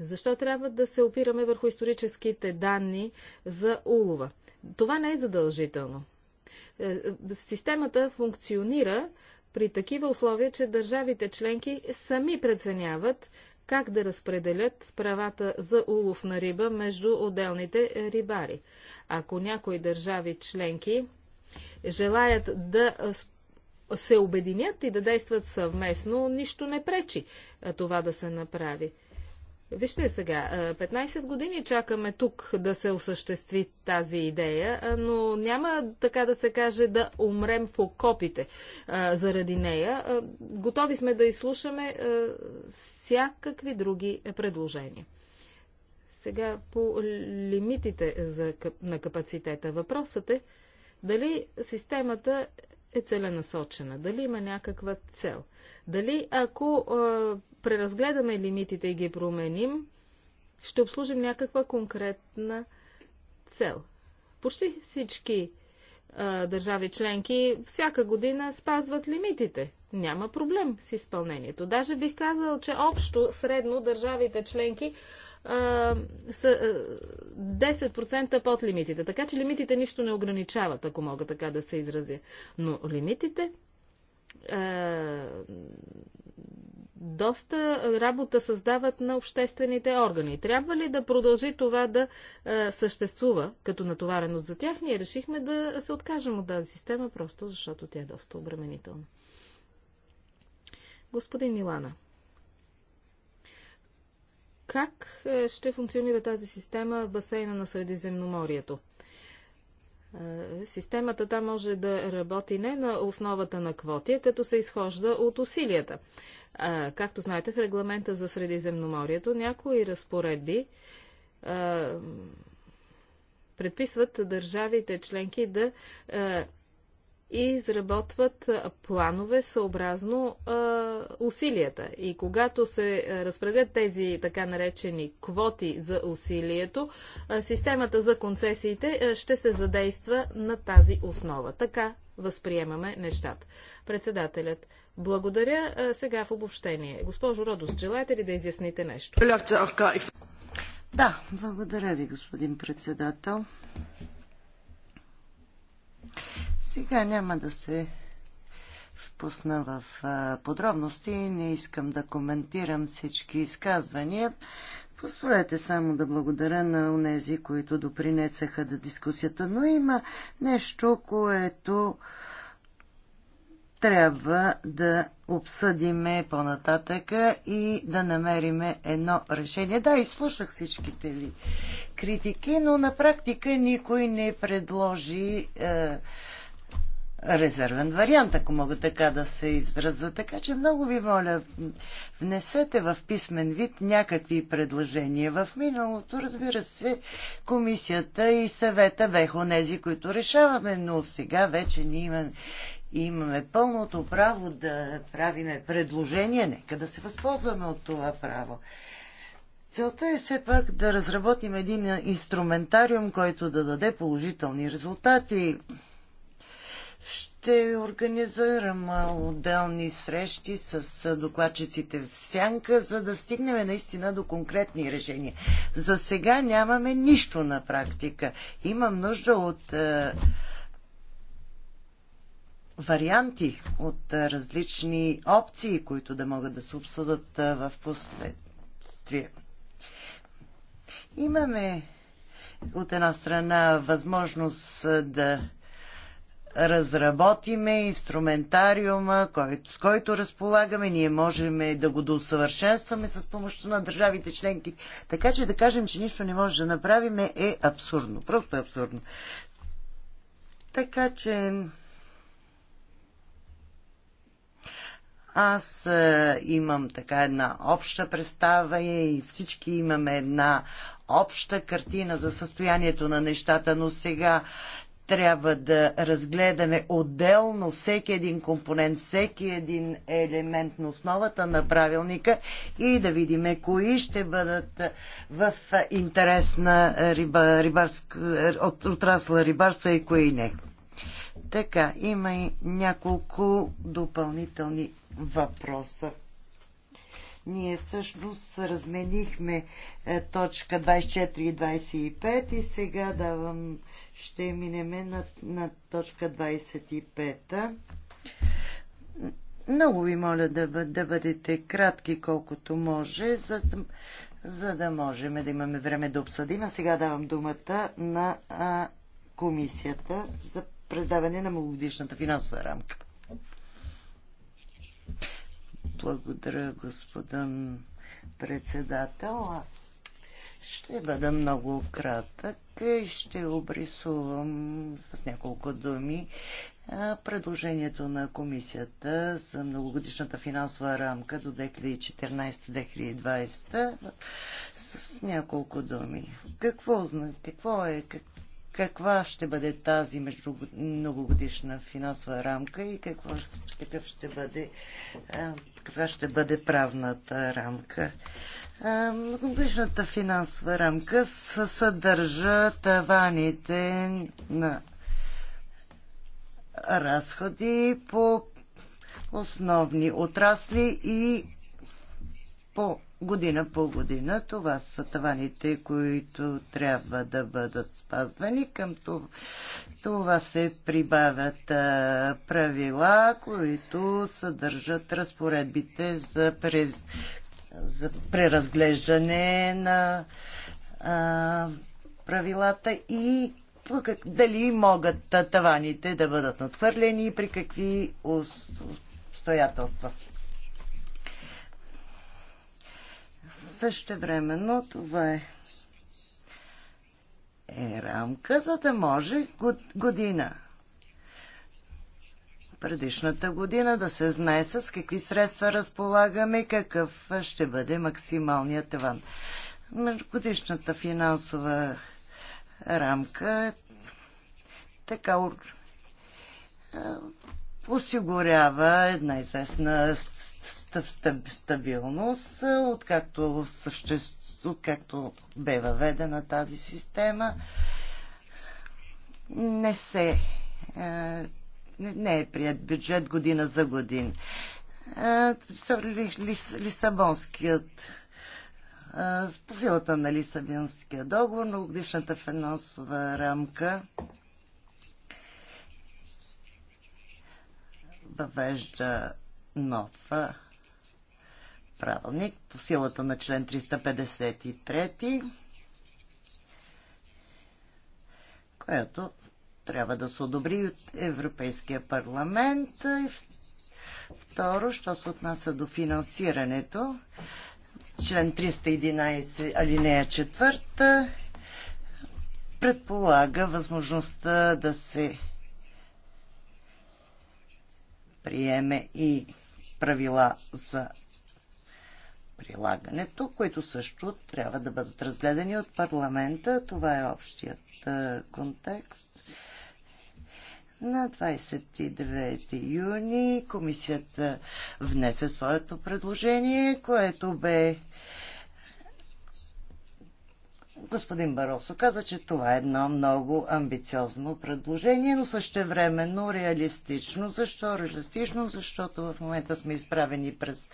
защо трябва да се опираме върху историческите данни за улова? Това не е задължително. Е, е, системата функционира при такива условия, че държавите членки сами преценяват как да разпределят правата за улов на риба между отделните рибари. Ако някои държави членки желаят да се обединят и да действат съвместно, нищо не пречи това да се направи. Вижте сега, 15 години чакаме тук да се осъществи тази идея, но няма така да се каже да умрем в окопите заради нея. Готови сме да изслушаме всякакви други предложения. Сега по лимитите за, на капацитета. Въпросът е дали системата е целенасочена, дали има някаква цел. Дали ако а, преразгледаме лимитите и ги променим, ще обслужим някаква конкретна цел. Почти всички а, държави членки всяка година спазват лимитите. Няма проблем с изпълнението. Даже бих казал, че общо, средно, държавите членки са 10% под лимитите. Така че лимитите нищо не ограничават, ако мога така да се изразя. Но лимитите доста работа създават на обществените органи. Трябва ли да продължи това да е, съществува като натовареност за тях? Ние решихме да се откажем от тази система, просто защото тя е доста обременителна. Господин Милана как е, ще функционира тази система в басейна на Средиземноморието? Е, системата там може да работи не на основата на квоти, а като се изхожда от усилията. Е, както знаете, в регламента за Средиземноморието някои разпоредби предписват държавите членки да и изработват планове съобразно а, усилията. И когато се разпределят тези така наречени квоти за усилието, а, системата за концесиите а, ще се задейства на тази основа. Така възприемаме нещата. Председателят, благодаря. А, сега в обобщение. Госпожо Родос, желаете ли да изясните нещо? Да, благодаря ви, господин председател. Сега няма да се впусна в подробности. Не искам да коментирам всички изказвания. Позволете само да благодаря на онези, които допринесаха да дискусията, но има нещо, което трябва да обсъдиме по-нататъка и да намериме едно решение. Да, изслушах всичките ви критики, но на практика никой не предложи е, резервен вариант, ако мога така да се израза. Така че много ви моля, внесете в писмен вид някакви предложения. В миналото, разбира се, комисията и съвета беха онези, които решаваме, но сега вече ние имаме, имаме пълното право да правиме предложения. Нека да се възползваме от това право. Целта е все пак да разработим един инструментариум, който да даде положителни резултати ще организирам отделни срещи с докладчиците в Сянка, за да стигнем наистина до конкретни решения. За сега нямаме нищо на практика. Имам нужда от е, варианти, от е, различни опции, които да могат да се обсъдат е, в последствие. Имаме от една страна възможност да разработиме инструментариума, който, с който разполагаме. Ние можем да го досъвършенстваме с помощта на държавите членки. Така че да кажем, че нищо не може да направим е абсурдно. Просто е абсурдно. Така че аз е, имам така една обща представа и всички имаме една обща картина за състоянието на нещата, но сега трябва да разгледаме отделно всеки един компонент, всеки един елемент на основата на правилника и да видим кои ще бъдат в интерес на риба, рибарск, от, отрасла рибарство и кои не. Така, има и няколко допълнителни въпроса. Ние всъщност разменихме е, точка 24 и 25 и сега давам, ще минеме на, на точка 25. Много ви моля да, да бъдете кратки колкото може, за, за да можем да имаме време да обсъдим. А сега давам думата на а, комисията за предаване на многогодишната финансова рамка. Благодаря, господин председател. Аз ще бъда много кратък и ще обрисувам с няколко думи предложението на комисията за многогодишната финансова рамка до 2014-2020 с няколко думи. Какво, какво е, как, каква ще бъде тази между многогодишна финансова рамка и какво, какъв ще бъде каква ще бъде правната рамка. Годишната финансова рамка съдържа таваните на разходи по основни отрасли и по година по година. Това са таваните, които трябва да бъдат спазвани. Към това, се прибавят правила, които съдържат разпоредбите за, през, за преразглеждане на а, правилата и дали могат таваните да бъдат надхвърлени и при какви обстоятелства. Ус, Същевременно това е е рамка, за да може година предишната година да се знае с какви средства разполагаме, и какъв ще бъде максималният таван. Междугодишната финансова рамка е така е, осигурява една известна стабилност, откакто, съществ... откакто бе въведена тази система. Не се. Е, не е прият бюджет година за годин. Е, Лисабонският е, по силата на Лисабонския договор, но годишната финансова рамка въвежда нов правилник по силата на член 353, която трябва да се одобри от Европейския парламент. И второ, що се отнася до финансирането, член 311, алинея 4, предполага възможността да се приеме и правила за прилагането, които също трябва да бъдат разгледани от парламента. Това е общият контекст. На 29 юни комисията внесе своето предложение, което бе Господин Баросо каза, че това е едно много амбициозно предложение, но същевременно реалистично. Защо реалистично? Защото в момента сме изправени през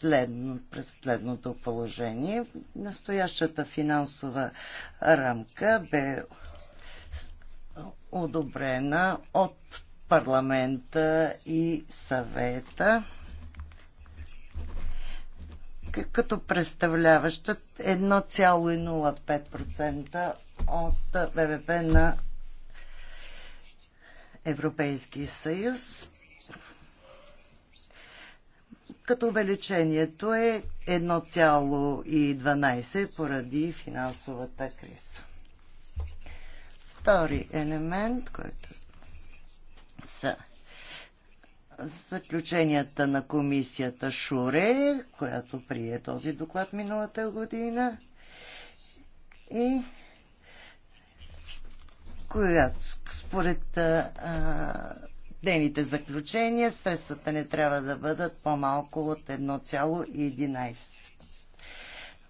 следно, през следното положение. Настоящата финансова рамка бе одобрена от парламента и съвета като представляваща 1,05% от ВВП на Европейския съюз като увеличението е 1,12 поради финансовата криза. Втори елемент, който са заключенията на комисията Шуре, която прие този доклад миналата година и която според а, нейните заключения средствата не трябва да бъдат по-малко от 1,11.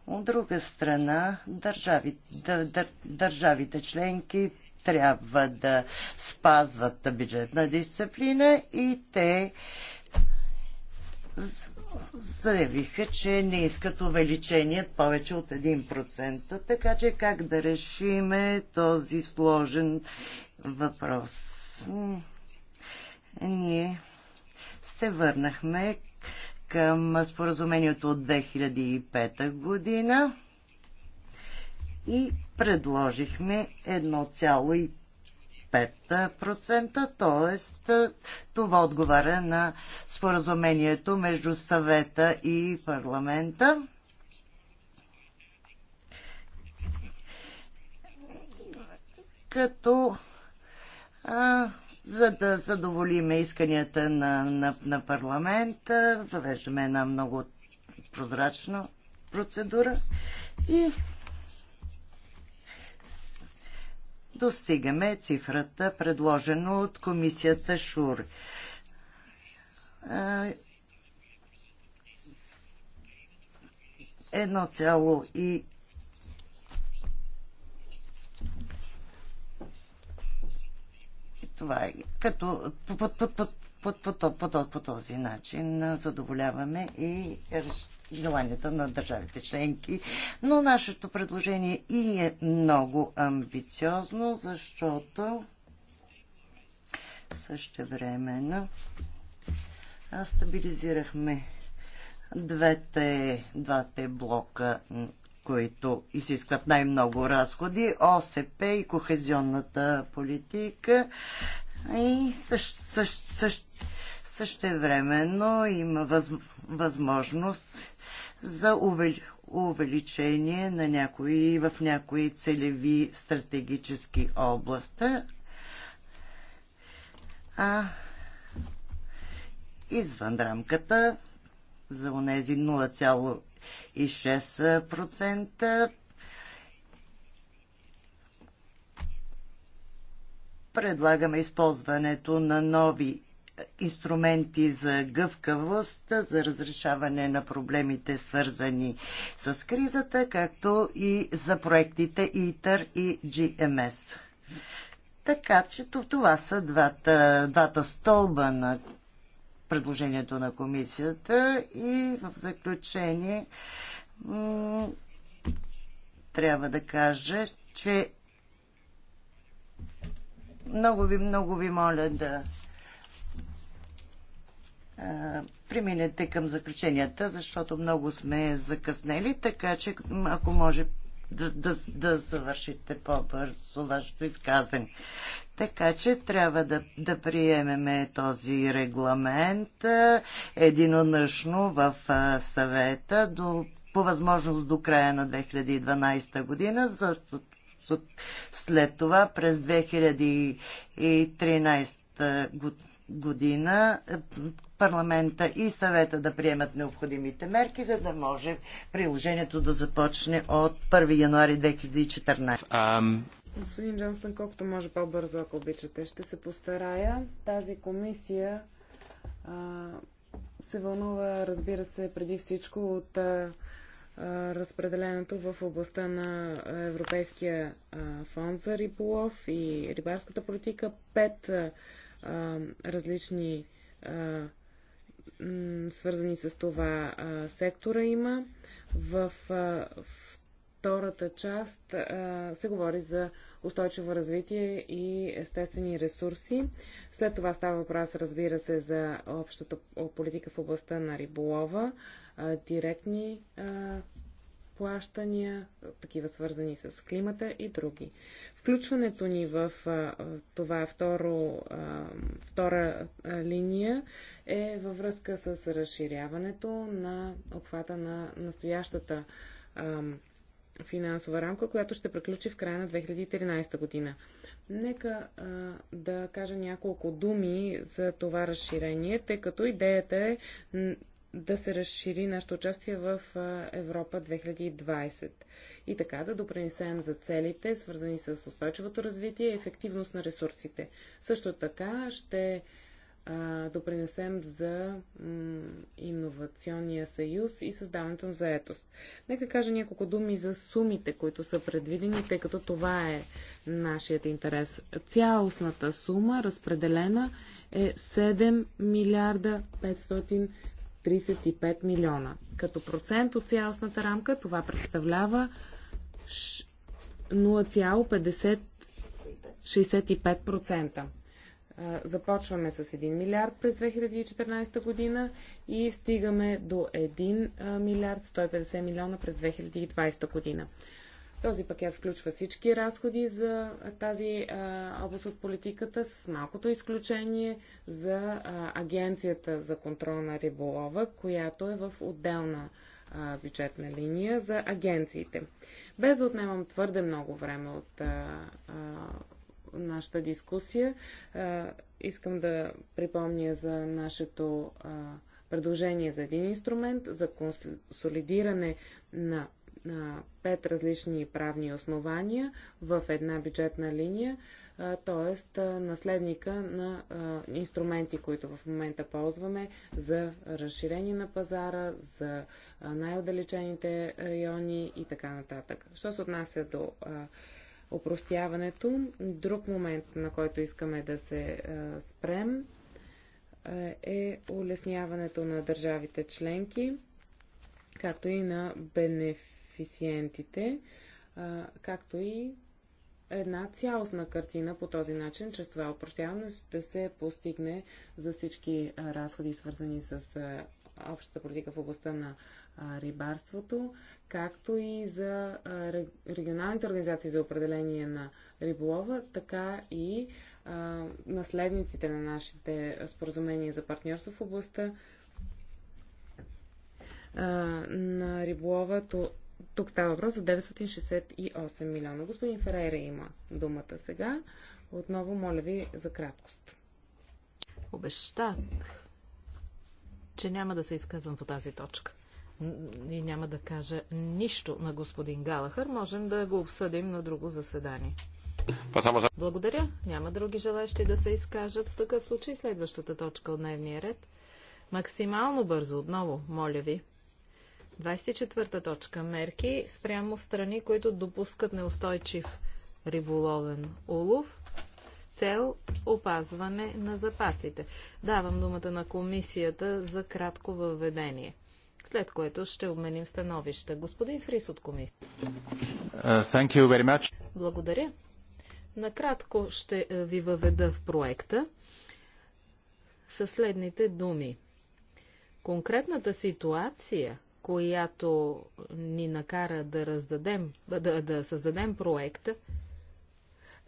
От друга страна, държави, дър, държавите членки трябва да спазват бюджетна дисциплина и те заявиха, че не искат увеличение повече от 1%. Така че как да решиме този сложен въпрос? ние се върнахме към споразумението от 2005 година и предложихме 1,5%, т.е. това отговаря на споразумението между съвета и парламента. Като а, за да задоволиме исканията на, на, на парламента. Въвеждаме една много прозрачна процедура и достигаме цифрата, предложена от комисията ШУР. Е, едно цяло и Това е като по, по, по, по, по, по, по, по, по този начин задоволяваме и желанията на държавите членки. Но нашето предложение и е много амбициозно, защото също времено стабилизирахме двете, блока които изискват най-много разходи, ОСП и кохезионната политика. И също, също, също, същевременно има въз, възможност за увеличение на някои, в някои целеви стратегически области. А извън рамката за онези 6%. Предлагаме използването на нови е, инструменти за гъвкавост, за разрешаване на проблемите свързани с кризата, както и за проектите ИТър и GMS. Така че това са двата, двата стълба на предложението на комисията и в заключение трябва да кажа, че много ви, много ви моля да преминете към заключенията, защото много сме закъснели, така че ако може да, да, да завършите по-бързо вашето изказване. Така че трябва да, да приемеме този регламент единодушно в съвета до, по възможност до края на 2012 година, защото след това през 2013 година парламента и съвета да приемат необходимите мерки, за да може приложението да започне от 1 януари 2014. Um... Господин Джонстън, колкото може по-бързо, ако обичате, ще се постарая. Тази комисия а, се вълнува, разбира се, преди всичко от а, разпределеното в областта на Европейския а, фонд за риболов и рибарската политика. Пет а, различни а, свързани с това а, сектора има. В а, втората част а, се говори за устойчиво развитие и естествени ресурси. След това става въпрос, разбира се, за общата политика в областта на риболова, а, директни а, плащания, такива свързани с климата и други. Включването ни в това второ, втора линия е във връзка с разширяването на обхвата на настоящата финансова рамка, която ще приключи в края на 2013 година. Нека а, да кажа няколко думи за това разширение, тъй като идеята е да се разшири нашето участие в Европа 2020 и така да допринесем за целите, свързани с устойчивото развитие и ефективност на ресурсите. Също така ще допринесем за иновационния съюз и създаването на заетост. Нека кажа няколко думи за сумите, които са предвидени, тъй като това е нашият интерес. Цялостната сума, разпределена, е 7 милиарда 35 милиона. Като процент от цялостната рамка това представлява 0,65%. Започваме с 1 милиард през 2014 година и стигаме до 1 милиард 150 милиона през 2020 година. Този пакет включва всички разходи за тази а, област от политиката, с малкото изключение за а, Агенцията за контрол на риболова, която е в отделна а, бюджетна линия за агенциите. Без да отнемам твърде много време от а, а, нашата дискусия, а, искам да припомня за нашето. А, предложение за един инструмент за консолидиране на пет различни правни основания в една бюджетна линия, т.е. наследника на инструменти, които в момента ползваме за разширение на пазара, за най-отдалечените райони и така нататък. Що се отнася до опростяването, друг момент, на който искаме да се спрем, е улесняването на държавите членки, както и на бенефициите коефициентите, както и една цялостна картина по този начин, чрез това опрощяване ще се постигне за всички разходи, свързани с общата политика в областта на рибарството, както и за регионалните организации за определение на риболова, така и наследниците на нашите споразумения за партньорство в областта на риболовато тук става въпрос за 968 милиона. Господин Ферейра има думата сега. Отново моля ви за краткост. Обещах, че няма да се изказвам по тази точка. И няма да кажа нищо на господин Галахър. Можем да го обсъдим на друго заседание. Благодаря. Няма други желащи да се изкажат. В такъв случай следващата точка от дневния ред. Максимално бързо отново, моля ви. 24 точка. Мерки спрямо страни, които допускат неустойчив риболовен улов с цел опазване на запасите. Давам думата на комисията за кратко въведение, след което ще обменим становища. Господин Фрис от комисията. Uh, Благодаря. Накратко ще е, ви въведа в проекта със следните думи. Конкретната ситуация – която ни накара да, раздадем, да, да създадем проекта,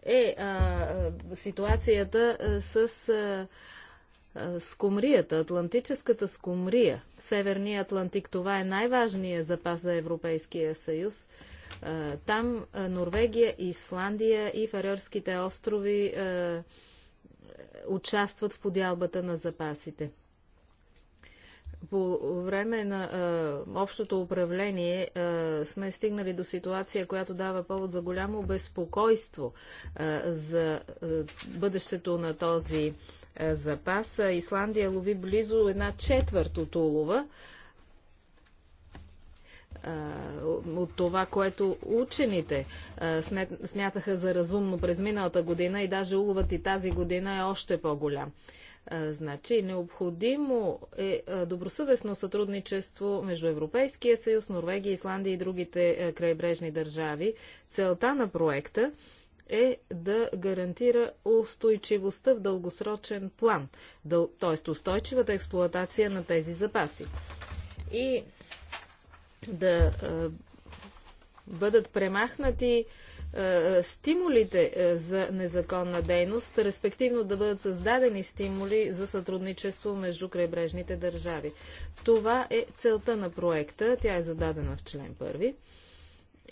е а, ситуацията с а, скумрията, Атлантическата скумрия, Северния Атлантик. Това е най-важният запас за Европейския съюз. А, там а, Норвегия, Исландия и Фарерските острови а, участват в подялбата на запасите по време на а, общото управление а, сме стигнали до ситуация, която дава повод за голямо безпокойство а, за а, бъдещето на този а, запас. Исландия лови близо една четвърт от улова от това, което учените смятаха за разумно през миналата година и даже уловът и тази година е още по-голям. Значи, необходимо е добросъвестно сътрудничество между Европейския съюз, Норвегия, Исландия и другите крайбрежни държави. Целта на проекта е да гарантира устойчивостта в дългосрочен план, т.е. устойчивата експлоатация на тези запаси. И да бъдат премахнати е, стимулите е, за незаконна дейност, респективно да бъдат създадени стимули за сътрудничество между крайбрежните държави. Това е целта на проекта. Тя е зададена в член първи.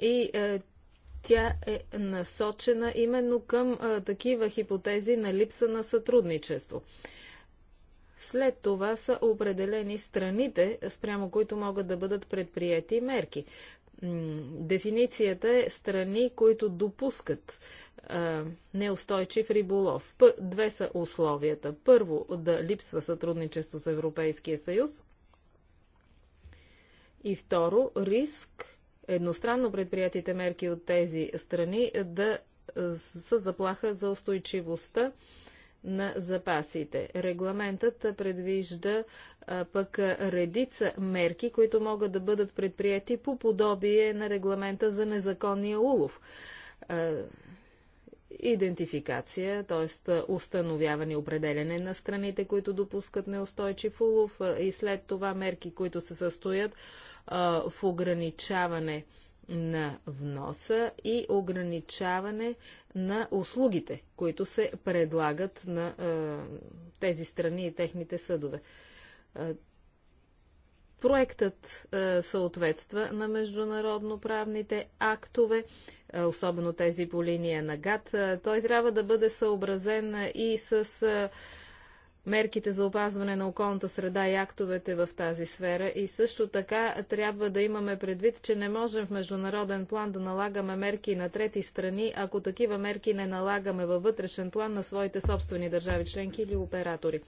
И е, тя е насочена именно към е, такива хипотези на липса на сътрудничество. След това са определени страните, спрямо които могат да бъдат предприяти мерки. Дефиницията е страни, които допускат а, неустойчив риболов. П, две са условията. Първо, да липсва сътрудничество с Европейския съюз. И второ, риск едностранно предприятите мерки от тези страни да са заплаха за устойчивостта на запасите. Регламентът предвижда пък редица мерки, които могат да бъдат предприяти по подобие на регламента за незаконния улов. идентификация, т.е. установяване и определене на страните, които допускат неустойчив улов и след това мерки, които се състоят в ограничаване на вноса и ограничаване на услугите, които се предлагат на е, тези страни и техните съдове. Е, проектът е, съответства на международно-правните актове, е, особено тези по линия на ГАТ. Е, той трябва да бъде съобразен и с. Е, мерките за опазване на околната среда и актовете в тази сфера. И също така трябва да имаме предвид, че не можем в международен план да налагаме мерки на трети страни, ако такива мерки не налагаме във вътрешен план на своите собствени държави членки или оператори.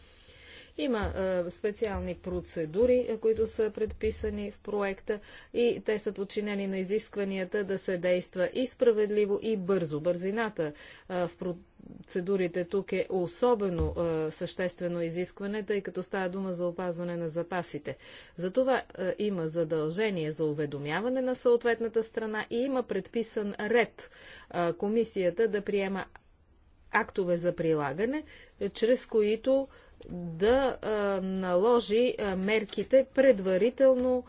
Има а, специални процедури, които са предписани в проекта и те са подчинени на изискванията да се действа и справедливо, и бързо. Бързината а, в процедурите тук е особено е, съществено изискване, тъй като става дума за опазване на запасите. Затова е, има задължение за уведомяване на съответната страна и има предписан ред е, комисията да приема актове за прилагане, чрез които да наложи мерките предварително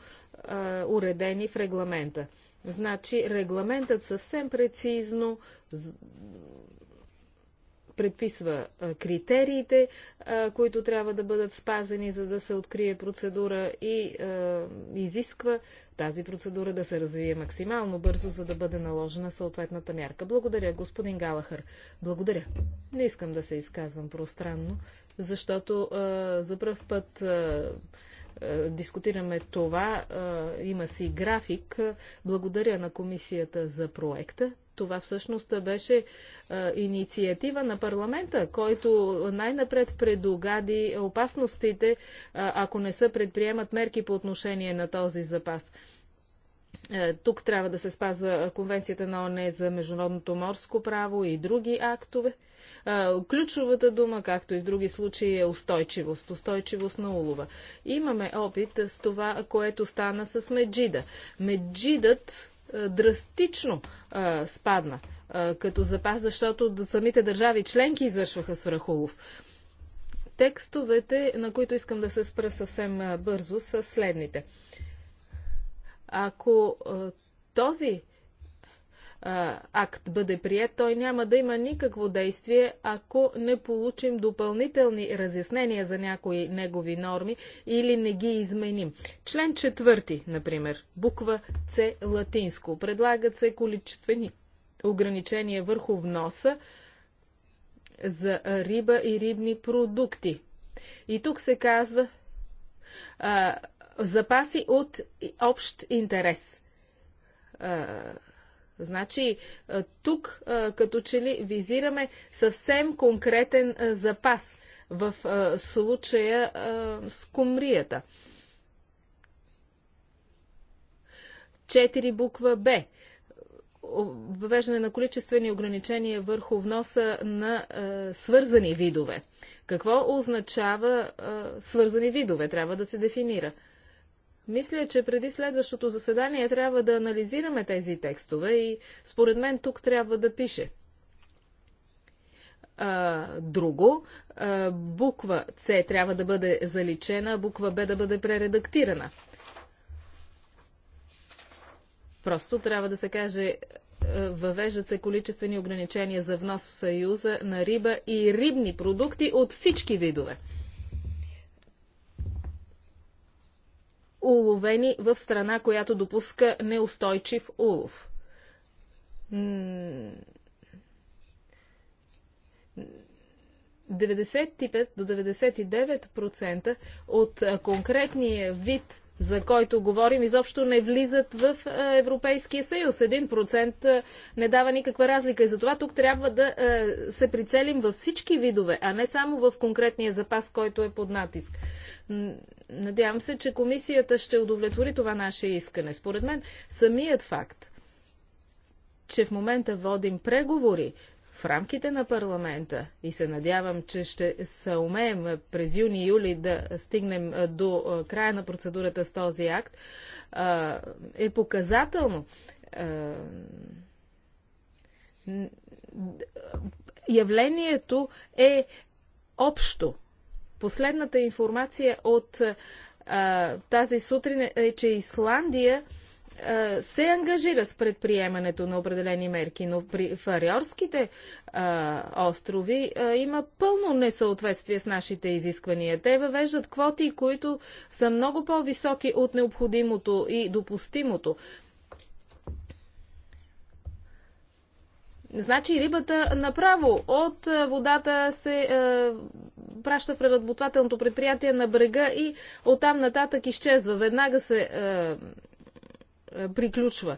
уредени в регламента. Значи регламентът съвсем прецизно предписва критериите, които трябва да бъдат спазени, за да се открие процедура и изисква тази процедура да се развие максимално бързо, за да бъде наложена съответната мярка. Благодаря, господин Галахър. Благодаря. Не искам да се изказвам пространно защото за първ път дискутираме това. Има си график. Благодаря на комисията за проекта. Това всъщност беше а, инициатива на парламента, който най-напред предугади опасностите, а, ако не се предприемат мерки по отношение на този запас. Е, тук трябва да се спазва Конвенцията на ОНЕ за международното морско право и други актове. Е, ключовата дума, както и в други случаи, е устойчивост, устойчивост на улова. Имаме опит с това, което стана с Меджида. Меджидът е, драстично спадна като запас, защото самите държави членки извършваха свръхулов. Текстовете, на които искам да се спра съвсем бързо, са следните. Ако този акт бъде прият, той няма да има никакво действие, ако не получим допълнителни разяснения за някои негови норми или не ги изменим. Член четвърти, например, буква С латинско. Предлагат се количествени ограничения върху вноса за риба и рибни продукти. И тук се казва а, запаси от общ интерес. Значи, тук като че ли визираме съвсем конкретен запас в случая с кумрията. Четири буква Б. Въвеждане на количествени ограничения върху вноса на е, свързани видове. Какво означава е, свързани видове? Трябва да се дефинира. Е, мисля, че преди следващото заседание трябва да анализираме тези текстове и според мен тук трябва да пише. А, друго, а, буква С трябва да бъде заличена, буква Б да бъде прередактирана. Просто трябва да се каже въвеждат се количествени ограничения за внос в Съюза на риба и рибни продукти от всички видове. уловени в страна, която допуска неустойчив улов. М 95 до 99% от конкретния вид за който говорим, изобщо не влизат в е, Европейския съюз. Един процент е, не дава никаква разлика и затова тук трябва да е, се прицелим във всички видове, а не само в конкретния запас, който е под натиск. Надявам се, че комисията ще удовлетвори това наше искане. Според мен, самият факт, че в момента водим преговори в рамките на парламента и се надявам, че ще съумеем през юни-юли да стигнем до края на процедурата с този акт, е показателно. Явлението е общо. Последната информация от тази сутрин е, че Исландия се ангажира с предприемането на определени мерки, но при Фариорските а, острови а, има пълно несъответствие с нашите изисквания. Те въвеждат квоти, които са много по-високи от необходимото и допустимото. Значи рибата направо от водата се е, праща в преработвателното предприятие на брега и оттам нататък изчезва. Веднага се е, приключва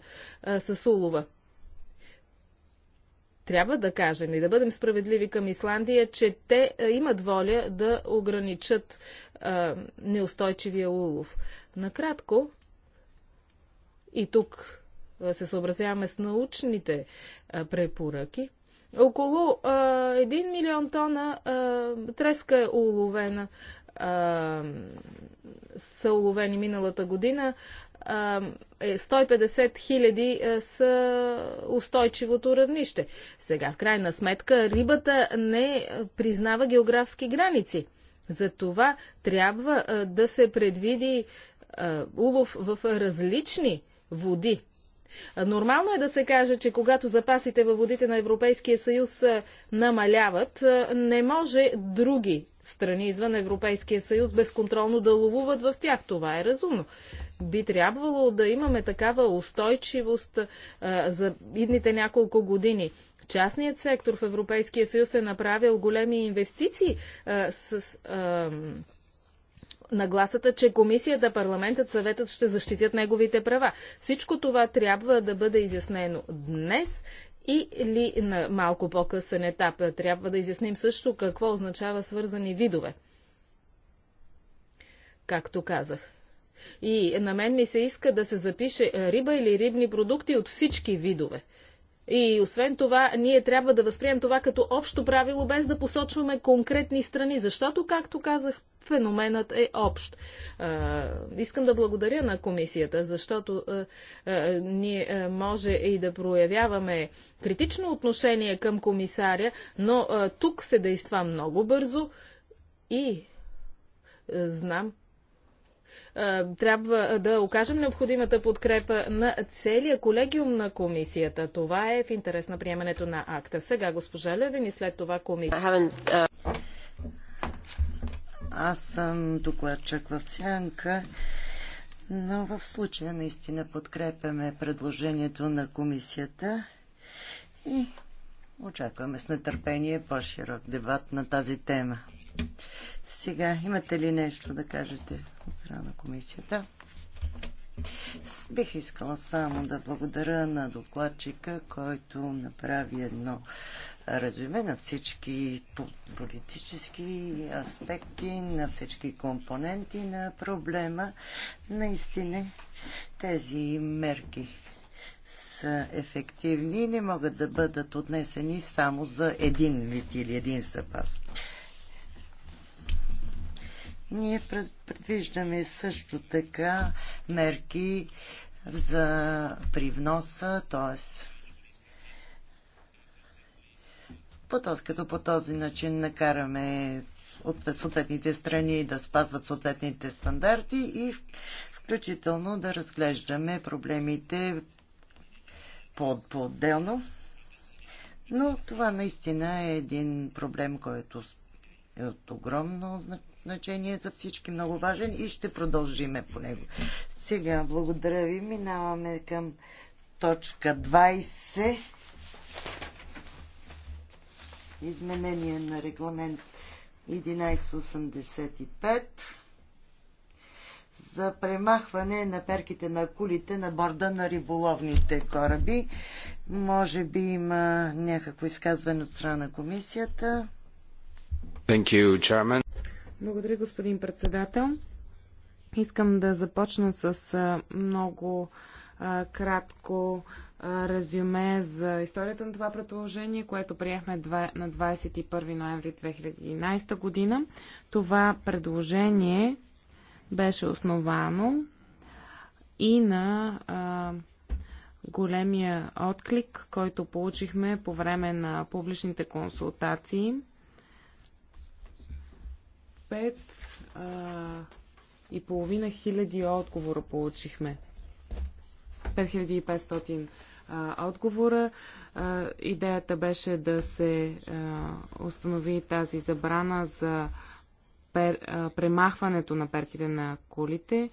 с улова. Трябва да кажем и да бъдем справедливи към Исландия, че те имат воля да ограничат а, неустойчивия улов. Накратко, и тук се съобразяваме с научните препоръки, около 1 милион тона треска е уловена са уловени миналата година. 150 е, хиляди са устойчивото равнище. Сега, в крайна сметка, рибата не признава географски граници. Затова трябва да се предвиди улов в различни води. Нормално е да се каже, че когато запасите във водите на Европейския съюз намаляват, не може други страни извън Европейския съюз безконтролно да ловуват в тях. Това е разумно би трябвало да имаме такава устойчивост а, за идните няколко години. Частният сектор в Европейския съюз е направил големи инвестиции а, с. А, нагласата, че комисията, парламентът, съветът ще защитят неговите права. Всичко това трябва да бъде изяснено днес или на малко по-късен етап. Трябва да изясним също какво означава свързани видове. Както казах, и на мен ми се иска да се запише е, риба или рибни продукти от всички видове. И освен това, ние трябва да възприем това като общо правило, без да посочваме конкретни страни, защото, както казах, феноменът е общ. А, искам да благодаря на комисията, защото а, а, ние може и да проявяваме критично отношение към комисаря, но тук се действа много бързо и знам, трябва да окажем необходимата подкрепа на целия колегиум на комисията. Това е в интерес на приемането на акта. Сега госпожа Левин и след това комисията. Uh, Аз съм докладчик в Сянка, но в случая наистина подкрепяме предложението на комисията и очакваме с нетърпение по-широк дебат на тази тема. Сега, имате ли нещо да кажете от страна на комисията? Бих искала само да благодаря на докладчика, който направи едно резюме на всички политически аспекти, на всички компоненти на проблема. Наистина тези мерки са ефективни и не могат да бъдат отнесени само за един вид или един запас. Ние предвиждаме също така мерки за привноса, т.е. като по този начин накараме от съответните страни да спазват съответните стандарти и включително да разглеждаме проблемите по-отделно. Но това наистина е един проблем, който е от огромно значение значение за всички, много важен и ще продължиме по него. Сега, благодаря ви. Минаваме към точка 20. Изменение на регламент 1185 за премахване на перките на кулите на борда на риболовните кораби. Може би има някакво изказване от страна на комисията. Thank you, Chairman. Благодаря, господин председател. Искам да започна с много кратко резюме за историята на това предложение, което приехме на 21 ноември 2011 година. Това предложение беше основано и на а, големия отклик, който получихме по време на публичните консултации 5 а, и половина хиляди отговора получихме. 5500 а, отговора. А, идеята беше да се а, установи тази забрана за пер, а, премахването на перките на колите.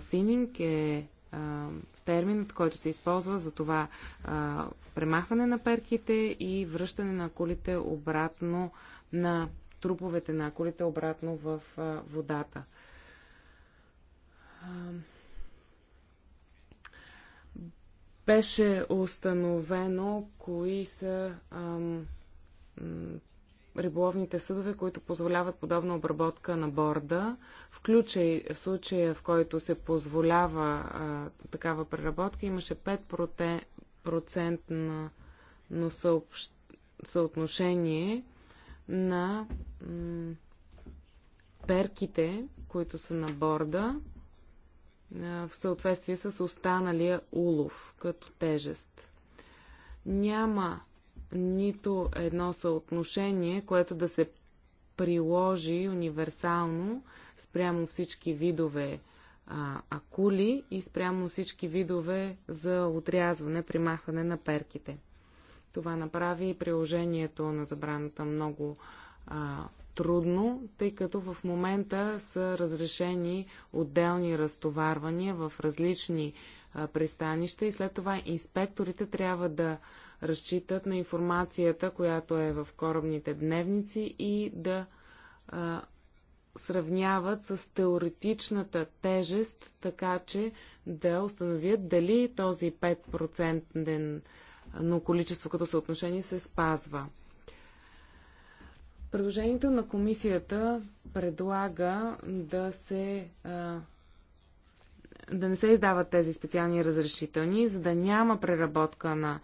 фининг е а, терминът, който се използва за това а, премахване на перките и връщане на колите обратно на труповете на колите обратно в водата. Беше установено кои са риболовните съдове, които позволяват подобна обработка на борда. Включай, в случая, в който се позволява а, такава преработка, имаше 5% на, съобщ... съотношение на перките, които са на борда, в съответствие с останалия улов като тежест. Няма нито едно съотношение, което да се приложи универсално спрямо всички видове а, акули и спрямо всички видове за отрязване, примахване на перките. Това направи приложението на забраната много а, трудно, тъй като в момента са разрешени отделни разтоварвания в различни а, пристанища и след това инспекторите трябва да разчитат на информацията, която е в корабните дневници и да а, сравняват с теоретичната тежест, така че да установят дали този 5% но количество като съотношение се спазва. Предложението на комисията предлага да се да не се издават тези специални разрешителни, за да няма преработка на,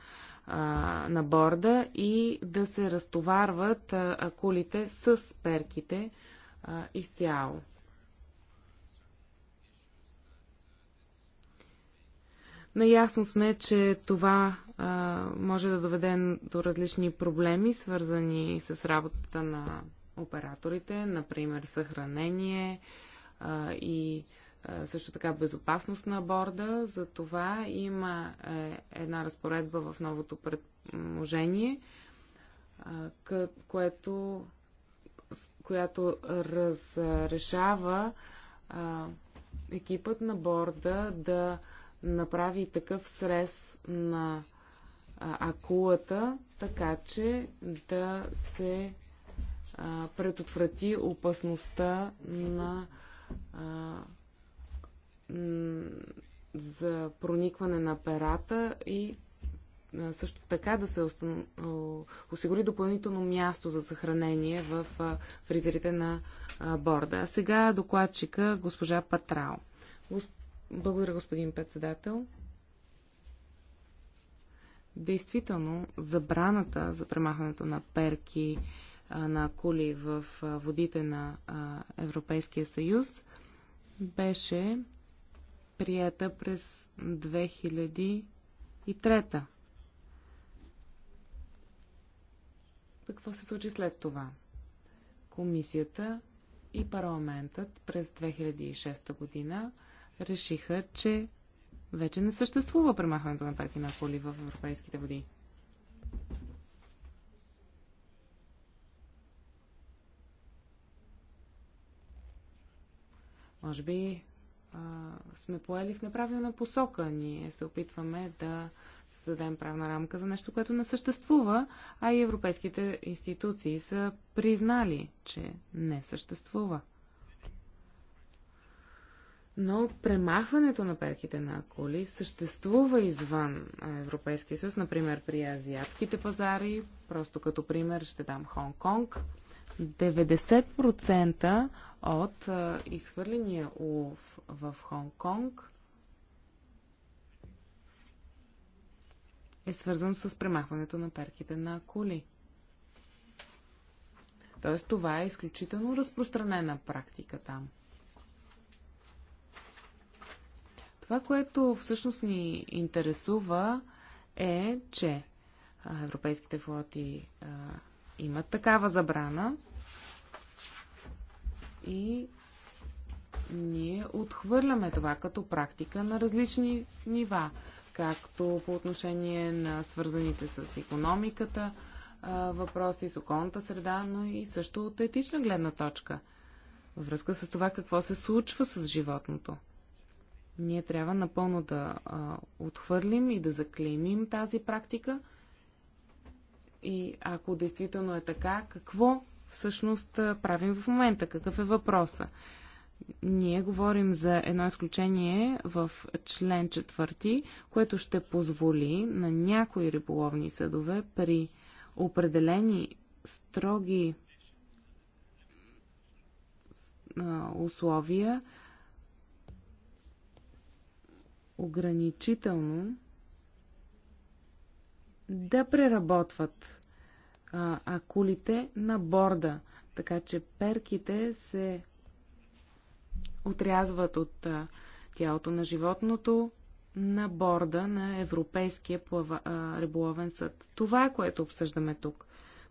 на борда и да се разтоварват акулите с перките изцяло. Наясно сме, че това а, може да доведе до различни проблеми, свързани с работата на операторите, например съхранение а, и а, също така безопасност на борда. За това има е, една разпоредба в новото предложение, а, което, която разрешава а, екипът на борда да направи такъв срез на акулата, така че да се а, предотврати опасността на а, за проникване на перата и а, също така да се остан... осигури допълнително място за съхранение в фризерите на борда. А сега докладчика госпожа Патрао. Госп... Благодаря, господин председател. Действително, забраната за премахването на перки на кули в водите на Европейския съюз беше прията през 2003. Какво се случи след това? Комисията и парламентът през 2006 година решиха, че вече не съществува премахването на парки на коли в европейските води. Може би а, сме поели в неправилна посока. Ние се опитваме да създадем правна рамка за нещо, което не съществува, а и европейските институции са признали, че не съществува но премахването на перките на коли съществува извън Европейския съюз, например при азиатските пазари, просто като пример ще дам Хонг-Конг. 90% от изхвърления улов в Хонг-Конг е свързан с премахването на перките на коли. Тоест това е изключително разпространена практика там. Това, което всъщност ни интересува е, че европейските флоти а, имат такава забрана и ние отхвърляме това като практика на различни нива, както по отношение на свързаните с економиката а, въпроси, с околната среда, но и също от етична гледна точка. Във връзка с това какво се случва с животното. Ние трябва напълно да а, отхвърлим и да заклеймим тази практика. И ако действително е така, какво всъщност правим в момента? Какъв е въпроса? Ние говорим за едно изключение в член 4, което ще позволи на някои риболовни съдове при определени строги условия ограничително да преработват а, акулите на борда. Така че перките се отрязват от а, тялото на животното на борда на Европейския плава, а, риболовен съд. Това е което обсъждаме тук.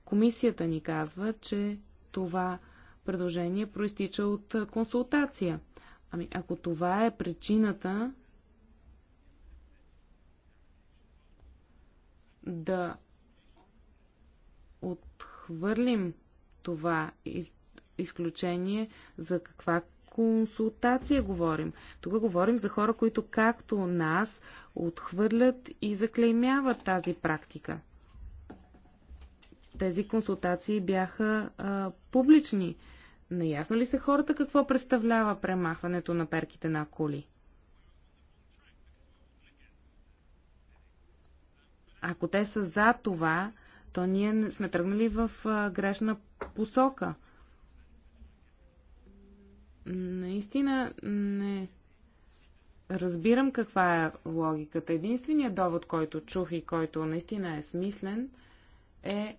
Комисията ни казва, че това предложение проистича от консултация. Ами ако това е причината да отхвърлим това из, изключение за каква консултация говорим. Тук говорим за хора, които както нас отхвърлят и заклеймяват тази практика. Тези консултации бяха а, публични. Наясно ли са хората какво представлява премахването на перките на коли? Ако те са за това, то ние сме тръгнали в грешна посока. Наистина не разбирам каква е логиката. Единственият довод, който чух и който наистина е смислен, е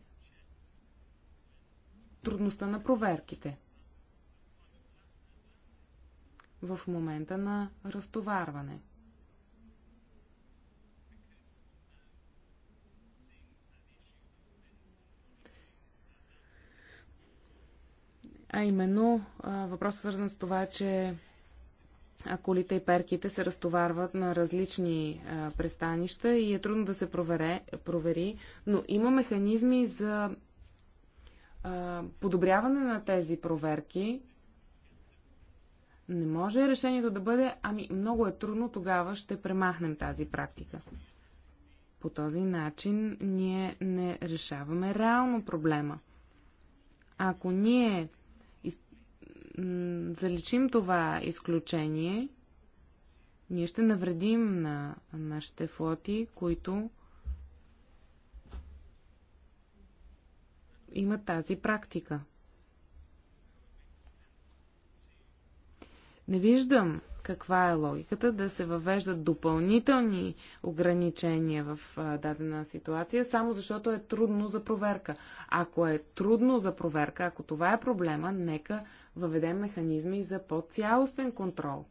трудността на проверките в момента на разтоварване. а именно въпрос свързан с това, че колите и перките се разтоварват на различни пристанища и е трудно да се провере, провери, но има механизми за подобряване на тези проверки. Не може решението да бъде, ами много е трудно, тогава ще премахнем тази практика. По този начин ние не решаваме реално проблема. Ако ние заличим това изключение, ние ще навредим на нашите флоти, които имат тази практика. Не виждам каква е логиката да се въвеждат допълнителни ограничения в дадена ситуация, само защото е трудно за проверка. Ако е трудно за проверка, ако това е проблема, нека въведем механизми за по-цялостен контрол.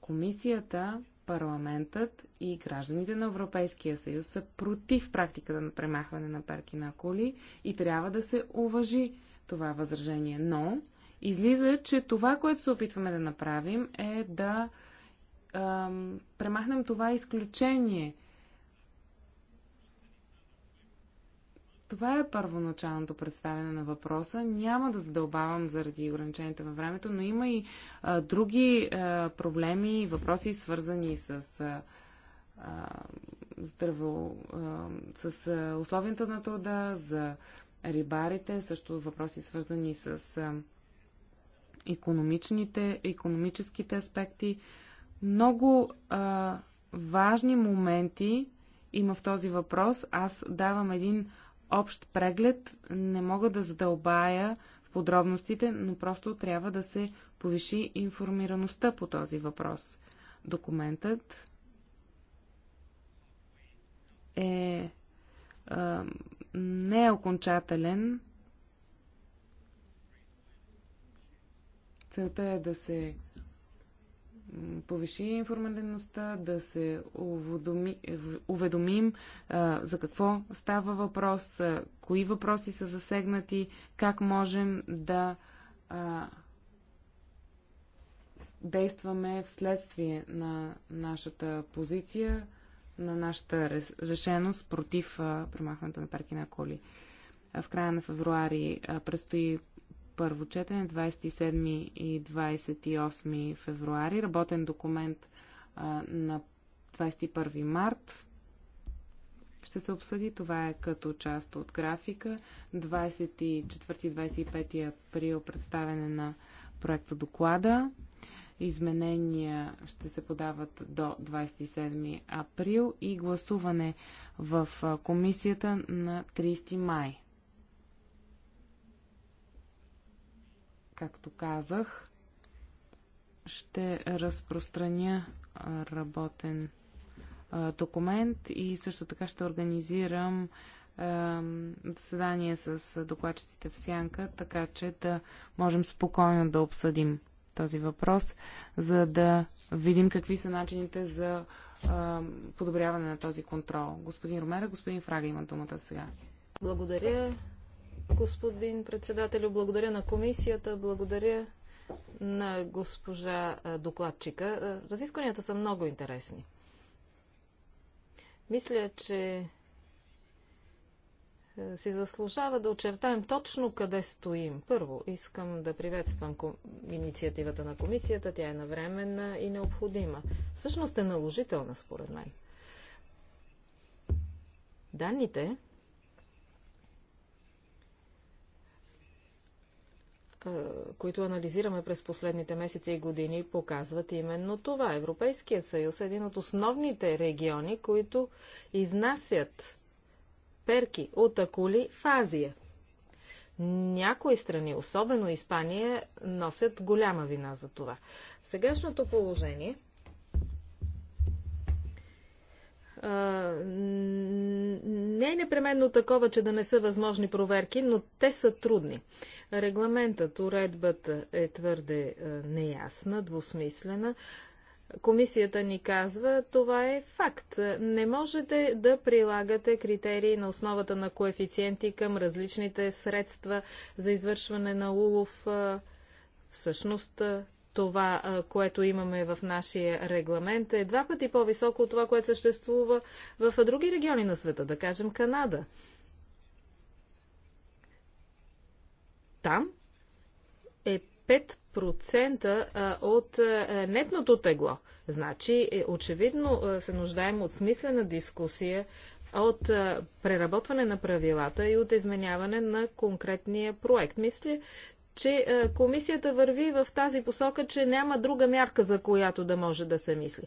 Комисията, парламентът и гражданите на Европейския съюз са против практиката на премахване на перки на коли и трябва да се уважи това възражение. Но излиза, че това, което се опитваме да направим е да ам, премахнем това изключение – Това е първоначалното представяне на въпроса. Няма да задълбавам заради ограниченията във времето, но има и а, други а, проблеми и въпроси, свързани с а, здраво, а, с условията на труда, за рибарите, също въпроси свързани с а, економичните, економическите аспекти. Много а, важни моменти има в този въпрос. Аз давам един общ преглед. Не мога да задълбая в подробностите, но просто трябва да се повиши информираността по този въпрос. Документът е е не е окончателен. Целта е да се повиши информираността, да се уведоми, уведомим а, за какво става въпрос, а, кои въпроси са засегнати, как можем да а, действаме вследствие на нашата позиция, на нашата решеност против премахването на парки на коли. В края на февруари предстои първо четене 27 и 28 февруари, работен документ а, на 21 март. Ще се обсъди това е като част от графика. 24-25 април представяне на проекта доклада. Изменения ще се подават до 27 април и гласуване в комисията на 30 май. както казах, ще разпространя работен документ и също така ще организирам заседание с докладчиците в Сянка, така че да можем спокойно да обсъдим този въпрос, за да видим какви са начините за подобряване на този контрол. Господин Ромера, господин Фрага има думата сега. Благодаря. Господин председателю, благодаря на комисията, благодаря на госпожа докладчика. Разискванията са много интересни. Мисля, че си заслужава да очертаем точно къде стоим. Първо, искам да приветствам инициативата на комисията. Тя е навременна и необходима. Всъщност е наложителна, според мен. Данните, които анализираме през последните месеци и години, показват именно това. Европейският съюз е един от основните региони, които изнасят перки от акули в Азия. Някои страни, особено Испания, носят голяма вина за това. Сегашното положение – не е непременно такова, че да не са възможни проверки, но те са трудни. Регламентът, уредбата е твърде неясна, двусмислена. Комисията ни казва, това е факт. Не можете да прилагате критерии на основата на коефициенти към различните средства за извършване на улов. Всъщност това, което имаме в нашия регламент, е два пъти по-високо от това, което съществува в други региони на света, да кажем Канада. Там е 5% от нетното тегло. Значи, е, очевидно се нуждаем от смислена дискусия, от преработване на правилата и от изменяване на конкретния проект. Мисля, че е, комисията върви в тази посока, че няма друга мярка, за която да може да се мисли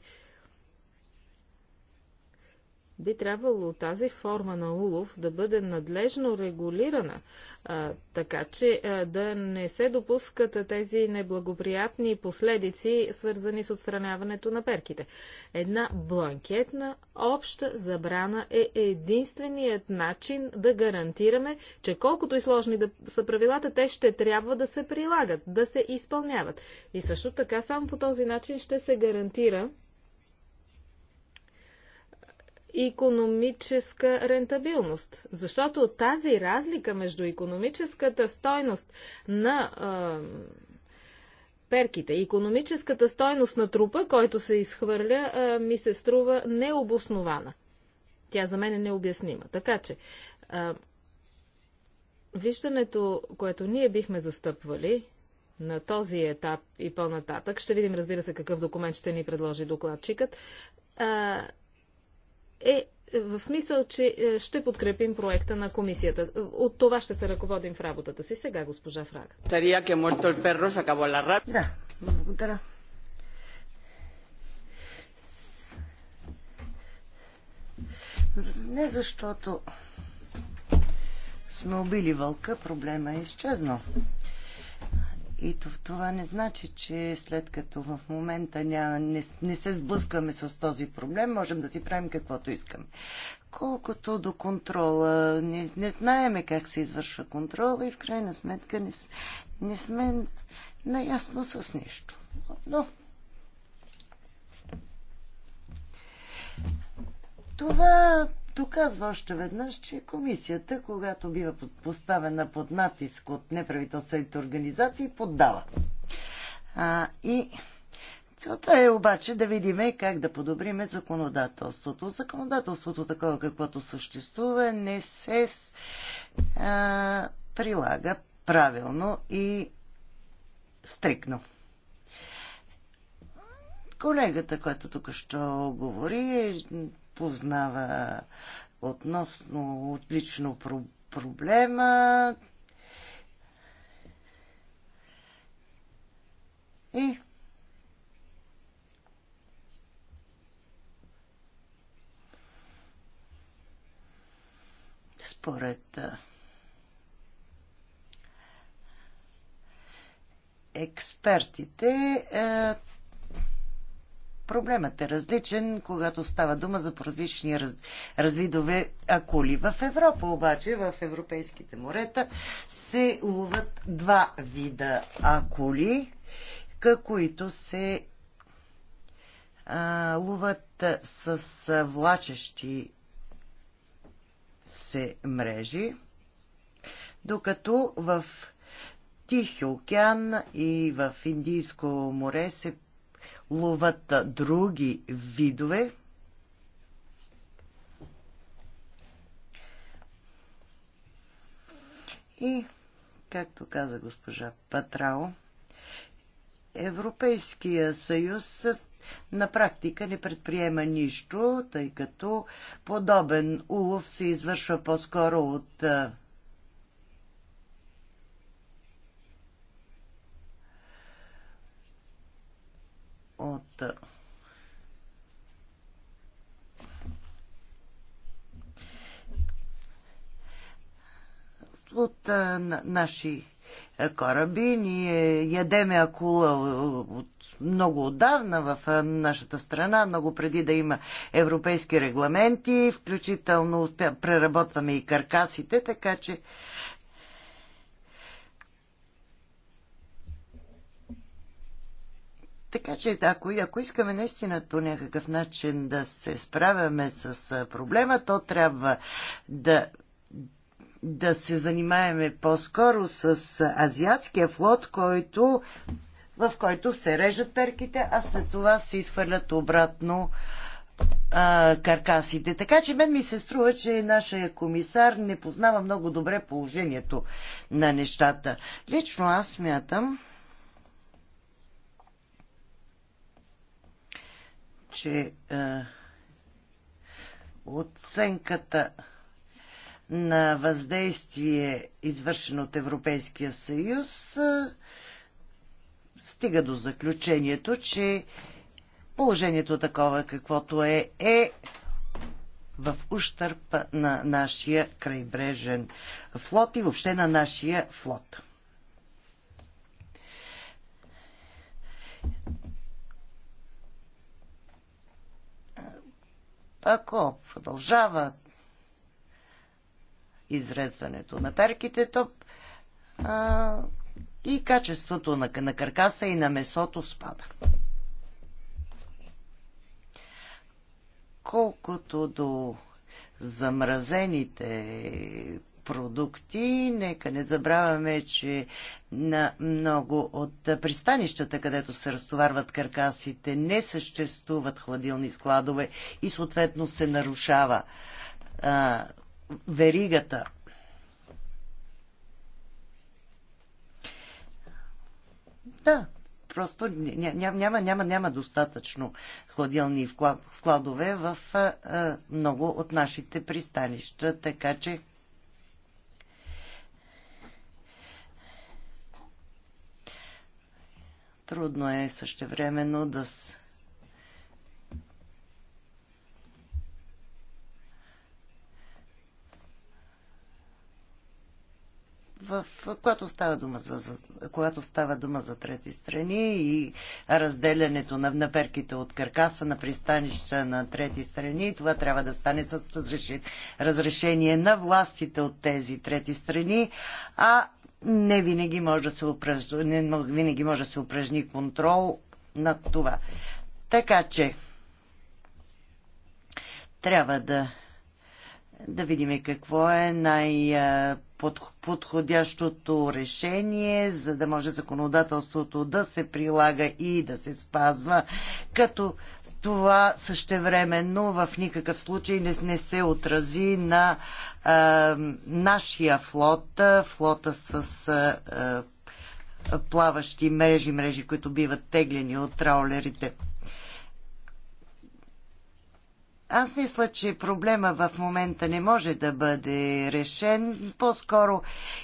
би трябвало тази форма на улов да бъде надлежно регулирана, а, така че а, да не се допускат тези неблагоприятни последици, свързани с отстраняването на перките. Една бланкетна обща забрана е единственият начин да гарантираме, че колкото и сложни да са правилата, те ще трябва да се прилагат, да се изпълняват. И също така само по този начин ще се гарантира, економическа рентабилност. Защото тази разлика между економическата стойност на е, перките, економическата стойност на трупа, който се изхвърля, е, ми се струва необоснована. Тя за мен е необяснима. Така че, е, виждането, което ние бихме застъпвали на този етап и по-нататък, ще видим, разбира се, какъв документ ще ни предложи докладчикът, е, е в смисъл, че е, ще подкрепим проекта на комисията. От това ще се ръководим в работата си. Сега, госпожа Фрага. Да, благодаря. Не защото сме убили вълка, проблема е изчезнал. И това не значи, че след като в момента ня, не, не се сблъскваме с този проблем, можем да си правим каквото искаме. Колкото до контрола, не, не знаеме как се извършва контрола и в крайна сметка не, не сме наясно с нищо. Но това доказва още веднъж, че комисията, когато бива поставена под натиск от неправителствените организации, поддава. А, и целта е обаче да видим как да подобриме законодателството. Законодателството, такова каквото съществува, не се а, прилага правилно и стрикно. Колегата, който тук ще говори, е познава относно отлично про- проблема. И според експертите Проблемът е различен, когато става дума за различни раз, развидове акули. В Европа обаче, в европейските морета, се ловат два вида акули, които се а, ловат с влачещи се мрежи, докато в Тихи океан и в Индийско море се ловат други видове. И, както каза госпожа Патрао, Европейския съюз на практика не предприема нищо, тъй като подобен улов се извършва по-скоро от а, от от а, на, наши кораби. Ние ядеме акула от, много отдавна в нашата страна, много преди да има европейски регламенти, включително преработваме и каркасите, така че Така че, ако, ако искаме наистина по някакъв начин да се справяме с проблема, то трябва да да се занимаеме по-скоро с азиатския флот, който, в който се режат перките, а след това се изхвърлят обратно а, каркасите. Така че мен ми се струва, че нашия комисар не познава много добре положението на нещата. Лично аз смятам, че е, оценката на въздействие, извършено от Европейския съюз, е, стига до заключението, че положението такова каквото е, е в ущърп на нашия крайбрежен флот и въобще на нашия флот. ако продължава изрезването на перките, то а, и качеството на, на каркаса и на месото спада. Колкото до замразените продукти. Нека не забравяме, че на много от пристанищата, където се разтоварват каркасите, не съществуват хладилни складове и съответно се нарушава а, веригата. Да, просто няма, няма, няма, няма достатъчно хладилни складове в а, много от нашите пристанища, така че Трудно е същевременно да с... в, когато, става дума за, когато става дума за трети страни и разделянето на, на перките от каркаса на пристанища на трети страни, това трябва да стане с разрешение на властите от тези трети страни, а не винаги може да се упражни, не винаги може да се упражни контрол над това. Така че трябва да, да видим какво е най-подходящото решение, за да може законодателството да се прилага и да се спазва, като това същевременно в никакъв случай не, не се отрази на а, нашия флот, флота с а, плаващи мрежи, мрежи, които биват теглени от траулерите. Аз мисля, че проблема в момента не може да бъде решен. По-скоро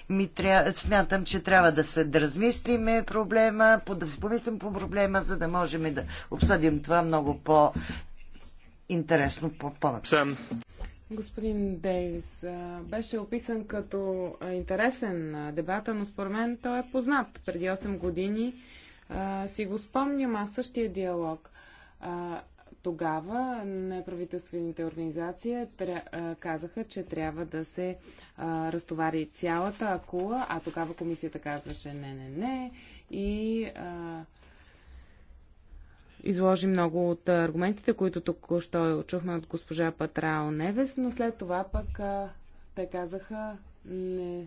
ми тря... смятам, че трябва да се размислиме проблема, да помислим по проблема, за да можем да обсъдим това много по-интересно по интересно по по Господин Дейвис, беше описан като интересен дебата, но според мен той е познат. Преди 8 години си го спомням аз същия диалог тогава неправителствените организации тря... казаха, че трябва да се а, разтовари цялата акула, а тогава комисията казваше не, не, не и а, изложи много от аргументите, които току-що чухме от госпожа Патрао Невес, но след това пък а, те казаха не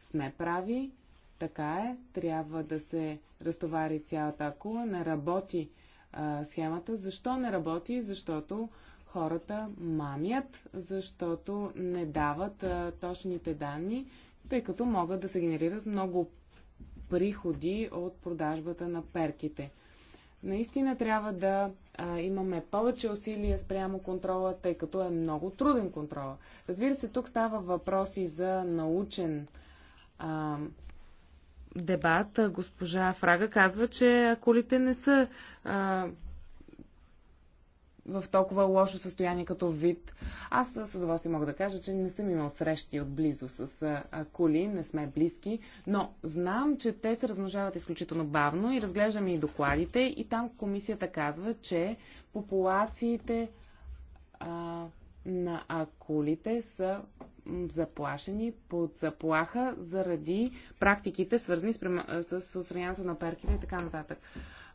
сме прави, така е, трябва да се разтовари цялата акула, не работи а, схемата. Защо не работи? Защото хората мамят, защото не дават а, точните данни, тъй като могат да се генерират много приходи от продажбата на перките. Наистина трябва да а, имаме повече усилия спрямо контрола, тъй като е много труден контрола. Разбира се, тук става въпроси за научен а, дебат госпожа Фрага казва, че колите не са а, в толкова лошо състояние като вид. Аз с удоволствие мога да кажа, че не съм имал срещи отблизо с а, коли, не сме близки, но знам, че те се размножават изключително бавно и разглеждаме и докладите и там комисията казва, че популациите а, на акулите са заплашени, под заплаха заради практиките, свързани с, с осранянето на перките и така нататък.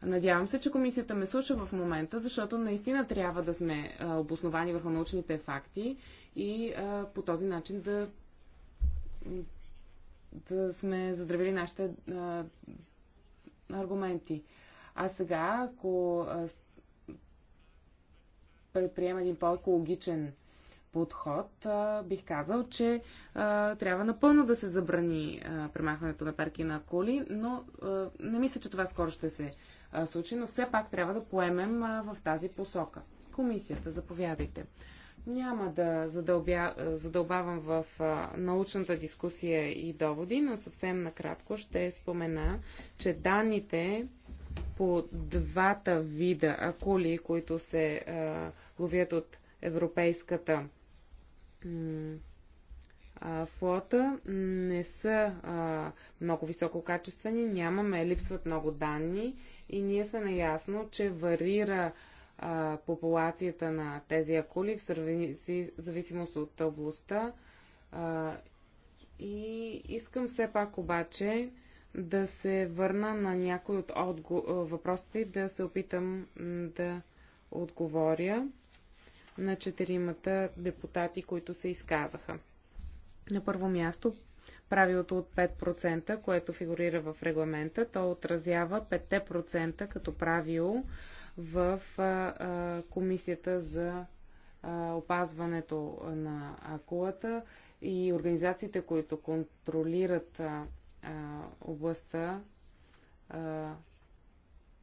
Надявам се, че комисията ме слуша в момента, защото наистина трябва да сме а, обосновани върху научните факти и а, по този начин да, да сме задравили нашите а, аргументи. А сега, ако предприема един по-екологичен подход, а, бих казал, че а, трябва напълно да се забрани а, премахването на парки на коли, но а, не мисля, че това скоро ще се а, случи, но все пак трябва да поемем а, в тази посока. Комисията, заповядайте. Няма да задълбя, задълбавам в а, научната дискусия и доводи, но съвсем накратко ще спомена, че данните по двата вида акули, които се а, ловят от Европейската флота не са а, много висококачествени, нямаме, липсват много данни и ние сме наясно, че варира а, популацията на тези акули в зависимост от областта. А, и искам все пак обаче да се върна на някой от отго... въпросите и да се опитам да отговоря на четиримата депутати, които се изказаха. На първо място правилото от 5%, което фигурира в регламента, то отразява 5% като правило в комисията за опазването на акулата и организациите, които контролират областта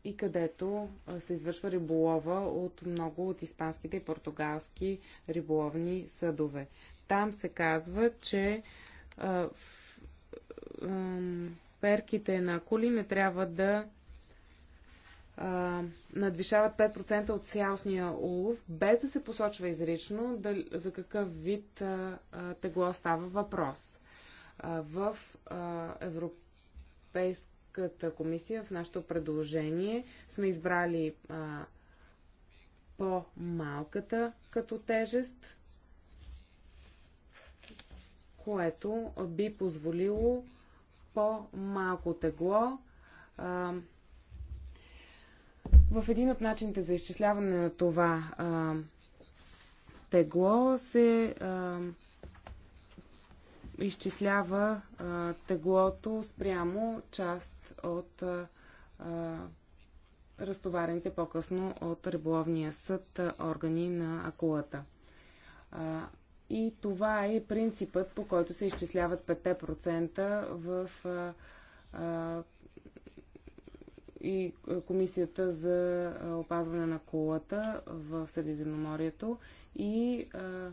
и където се извършва риболова от много от испанските и португалски риболовни съдове. Там се казва, че перките на коли не трябва да надвишават 5% от цялостния улов, без да се посочва изрично да, за какъв вид а, тегло става въпрос. в а, Европейската комисия в нашето предложение сме избрали а, по-малката като тежест, което би позволило по-малко тегло. А, в един от начините за изчисляване на това а, тегло се а, изчислява а, теглото спрямо част от а, а, разтоварените по-късно от риболовния съд а, органи на акулата. А, и това е принципът, по който се изчисляват 5% в а, а, и Комисията за опазване на кулата в Средиземноморието и а,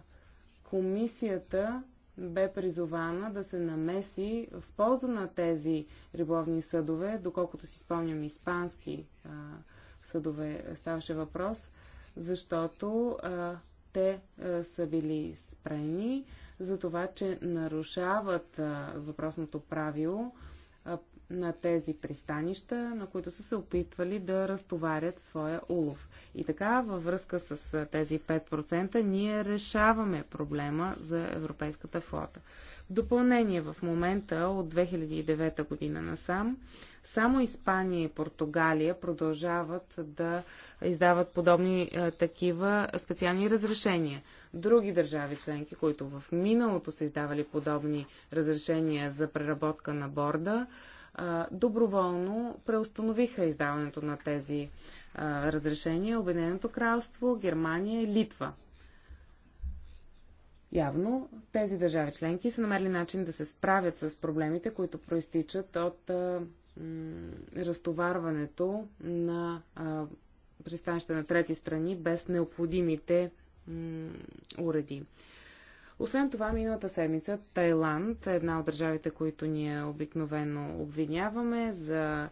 Комисията бе призована да се намеси в полза на тези риболовни съдове, доколкото си спомням испански а, съдове ставаше въпрос, защото а, те а, са били спрени за това, че нарушават а, въпросното правило на тези пристанища, на които са се опитвали да разтоварят своя улов. И така, във връзка с тези 5%, ние решаваме проблема за европейската флота. В допълнение, в момента от 2009 година насам, само Испания и Португалия продължават да издават подобни е, такива специални разрешения. Други държави членки, които в миналото са издавали подобни разрешения за преработка на борда, доброволно преустановиха издаването на тези разрешения Обединеното кралство, Германия и Литва. Явно тези държави членки са намерили начин да се справят с проблемите, които проистичат от а, разтоварването на пристанища на трети страни без необходимите м, уреди. Освен това, миналата седмица Тайланд е една от държавите, които ние обикновено обвиняваме за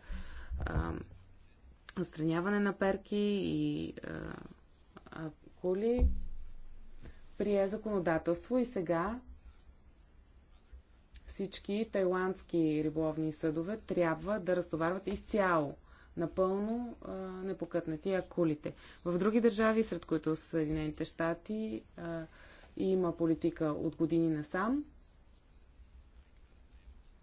отстраняване на перки и а, коли, прие законодателство и сега всички тайландски риболовни съдове трябва да разтоварват изцяло напълно а, непокътнати акулите. В други държави, сред които Съединените щати, а, има политика от години насам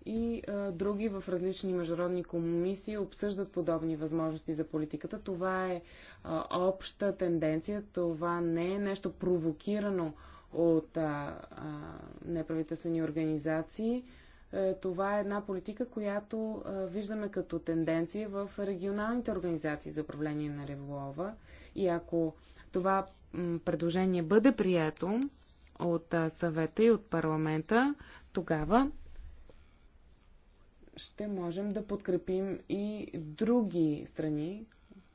и а, други в различни международни комисии обсъждат подобни възможности за политиката. Това е а, обща тенденция, това не е нещо провокирано от а, а, неправителствени организации. Е, това е една политика, която а, виждаме като тенденция в регионалните организации за управление на револова. И ако това предложение бъде прието, от съвета и от парламента, тогава ще можем да подкрепим и други страни,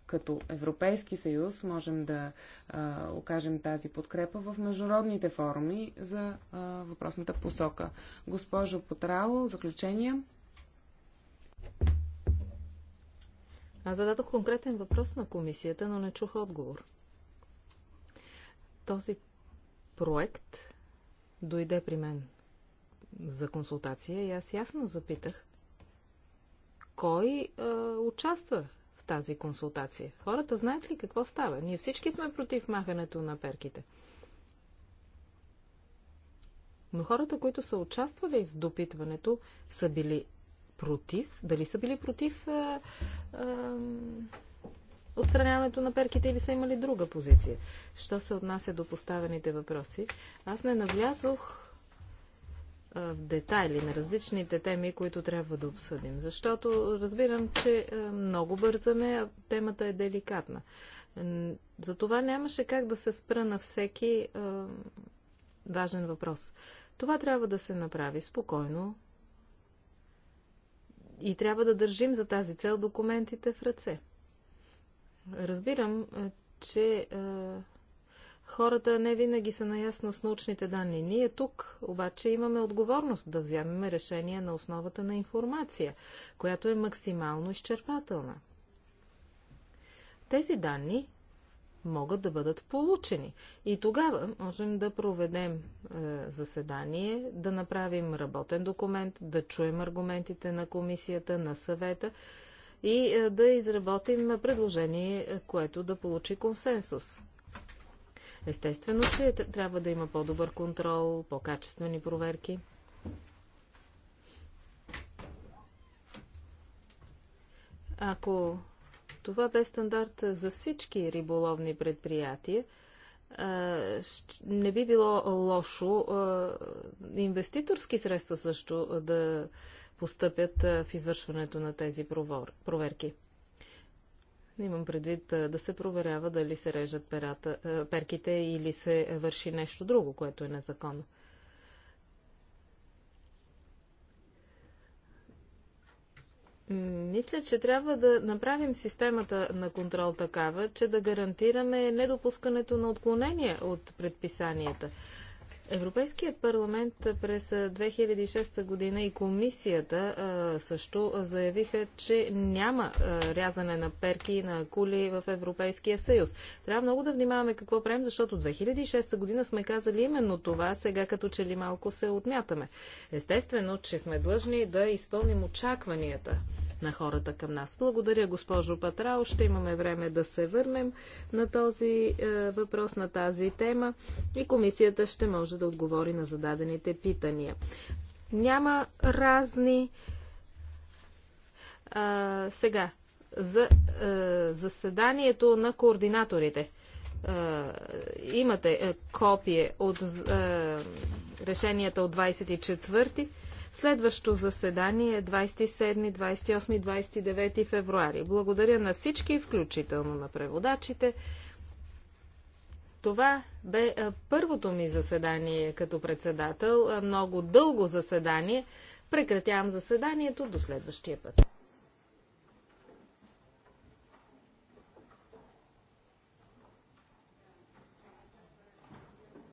като Европейски съюз, можем да а, окажем тази подкрепа в международните форуми за а, въпросната посока. Госпожо Потрало, заключение. Аз зададох конкретен въпрос на комисията, но не чух отговор. Този проект дойде при мен за консултация и аз ясно запитах кой а, е, участва в тази консултация. Хората знаят ли какво става? Ние всички сме против махането на перките. Но хората, които са участвали в допитването, са били против? Дали са били против е, е, отстраняването на перките или са имали друга позиция? Що се отнася до поставените въпроси? Аз не навлязох в детайли на различните теми, които трябва да обсъдим. Защото разбирам, че много бързаме, а темата е деликатна. Затова нямаше как да се спра на всеки важен въпрос. Това трябва да се направи спокойно, и трябва да държим за тази цел документите в ръце. Разбирам, че е, хората не винаги са наясно с научните данни. Ние тук обаче имаме отговорност да вземем решение на основата на информация, която е максимално изчерпателна. Тези данни могат да бъдат получени. И тогава можем да проведем е, заседание, да направим работен документ, да чуем аргументите на комисията, на съвета и е, да изработим предложение, е, което да получи консенсус. Естествено, че трябва да има по-добър контрол, по-качествени проверки. Ако това бе стандарт за всички риболовни предприятия, е, не би било лошо инвеститорски средства също да постъпят в извършването на тези проверки. Имам предвид да се проверява дали се режат перата, перките или се върши нещо друго, което е незаконно. Мисля, че трябва да направим системата на контрол такава, че да гарантираме недопускането на отклонения от предписанията. Европейският парламент през 2006 година и комисията също заявиха, че няма рязане на перки и на кули в Европейския съюз. Трябва много да внимаваме какво правим, защото 2006 година сме казали именно това, сега като че ли малко се отмятаме. Естествено, че сме длъжни да изпълним очакванията на хората към нас. Благодаря, госпожо Патрао. Ще имаме време да се върнем на този е, въпрос, на тази тема и комисията ще може да отговори на зададените питания. Няма разни. А, е, сега, за а, е, заседанието на координаторите. А, е, имате а, копие от а, решенията от 24. ти Следващо заседание е 27, 28, 29 февруари. Благодаря на всички, включително на преводачите. Това бе първото ми заседание като председател, много дълго заседание. Прекратявам заседанието до следващия път.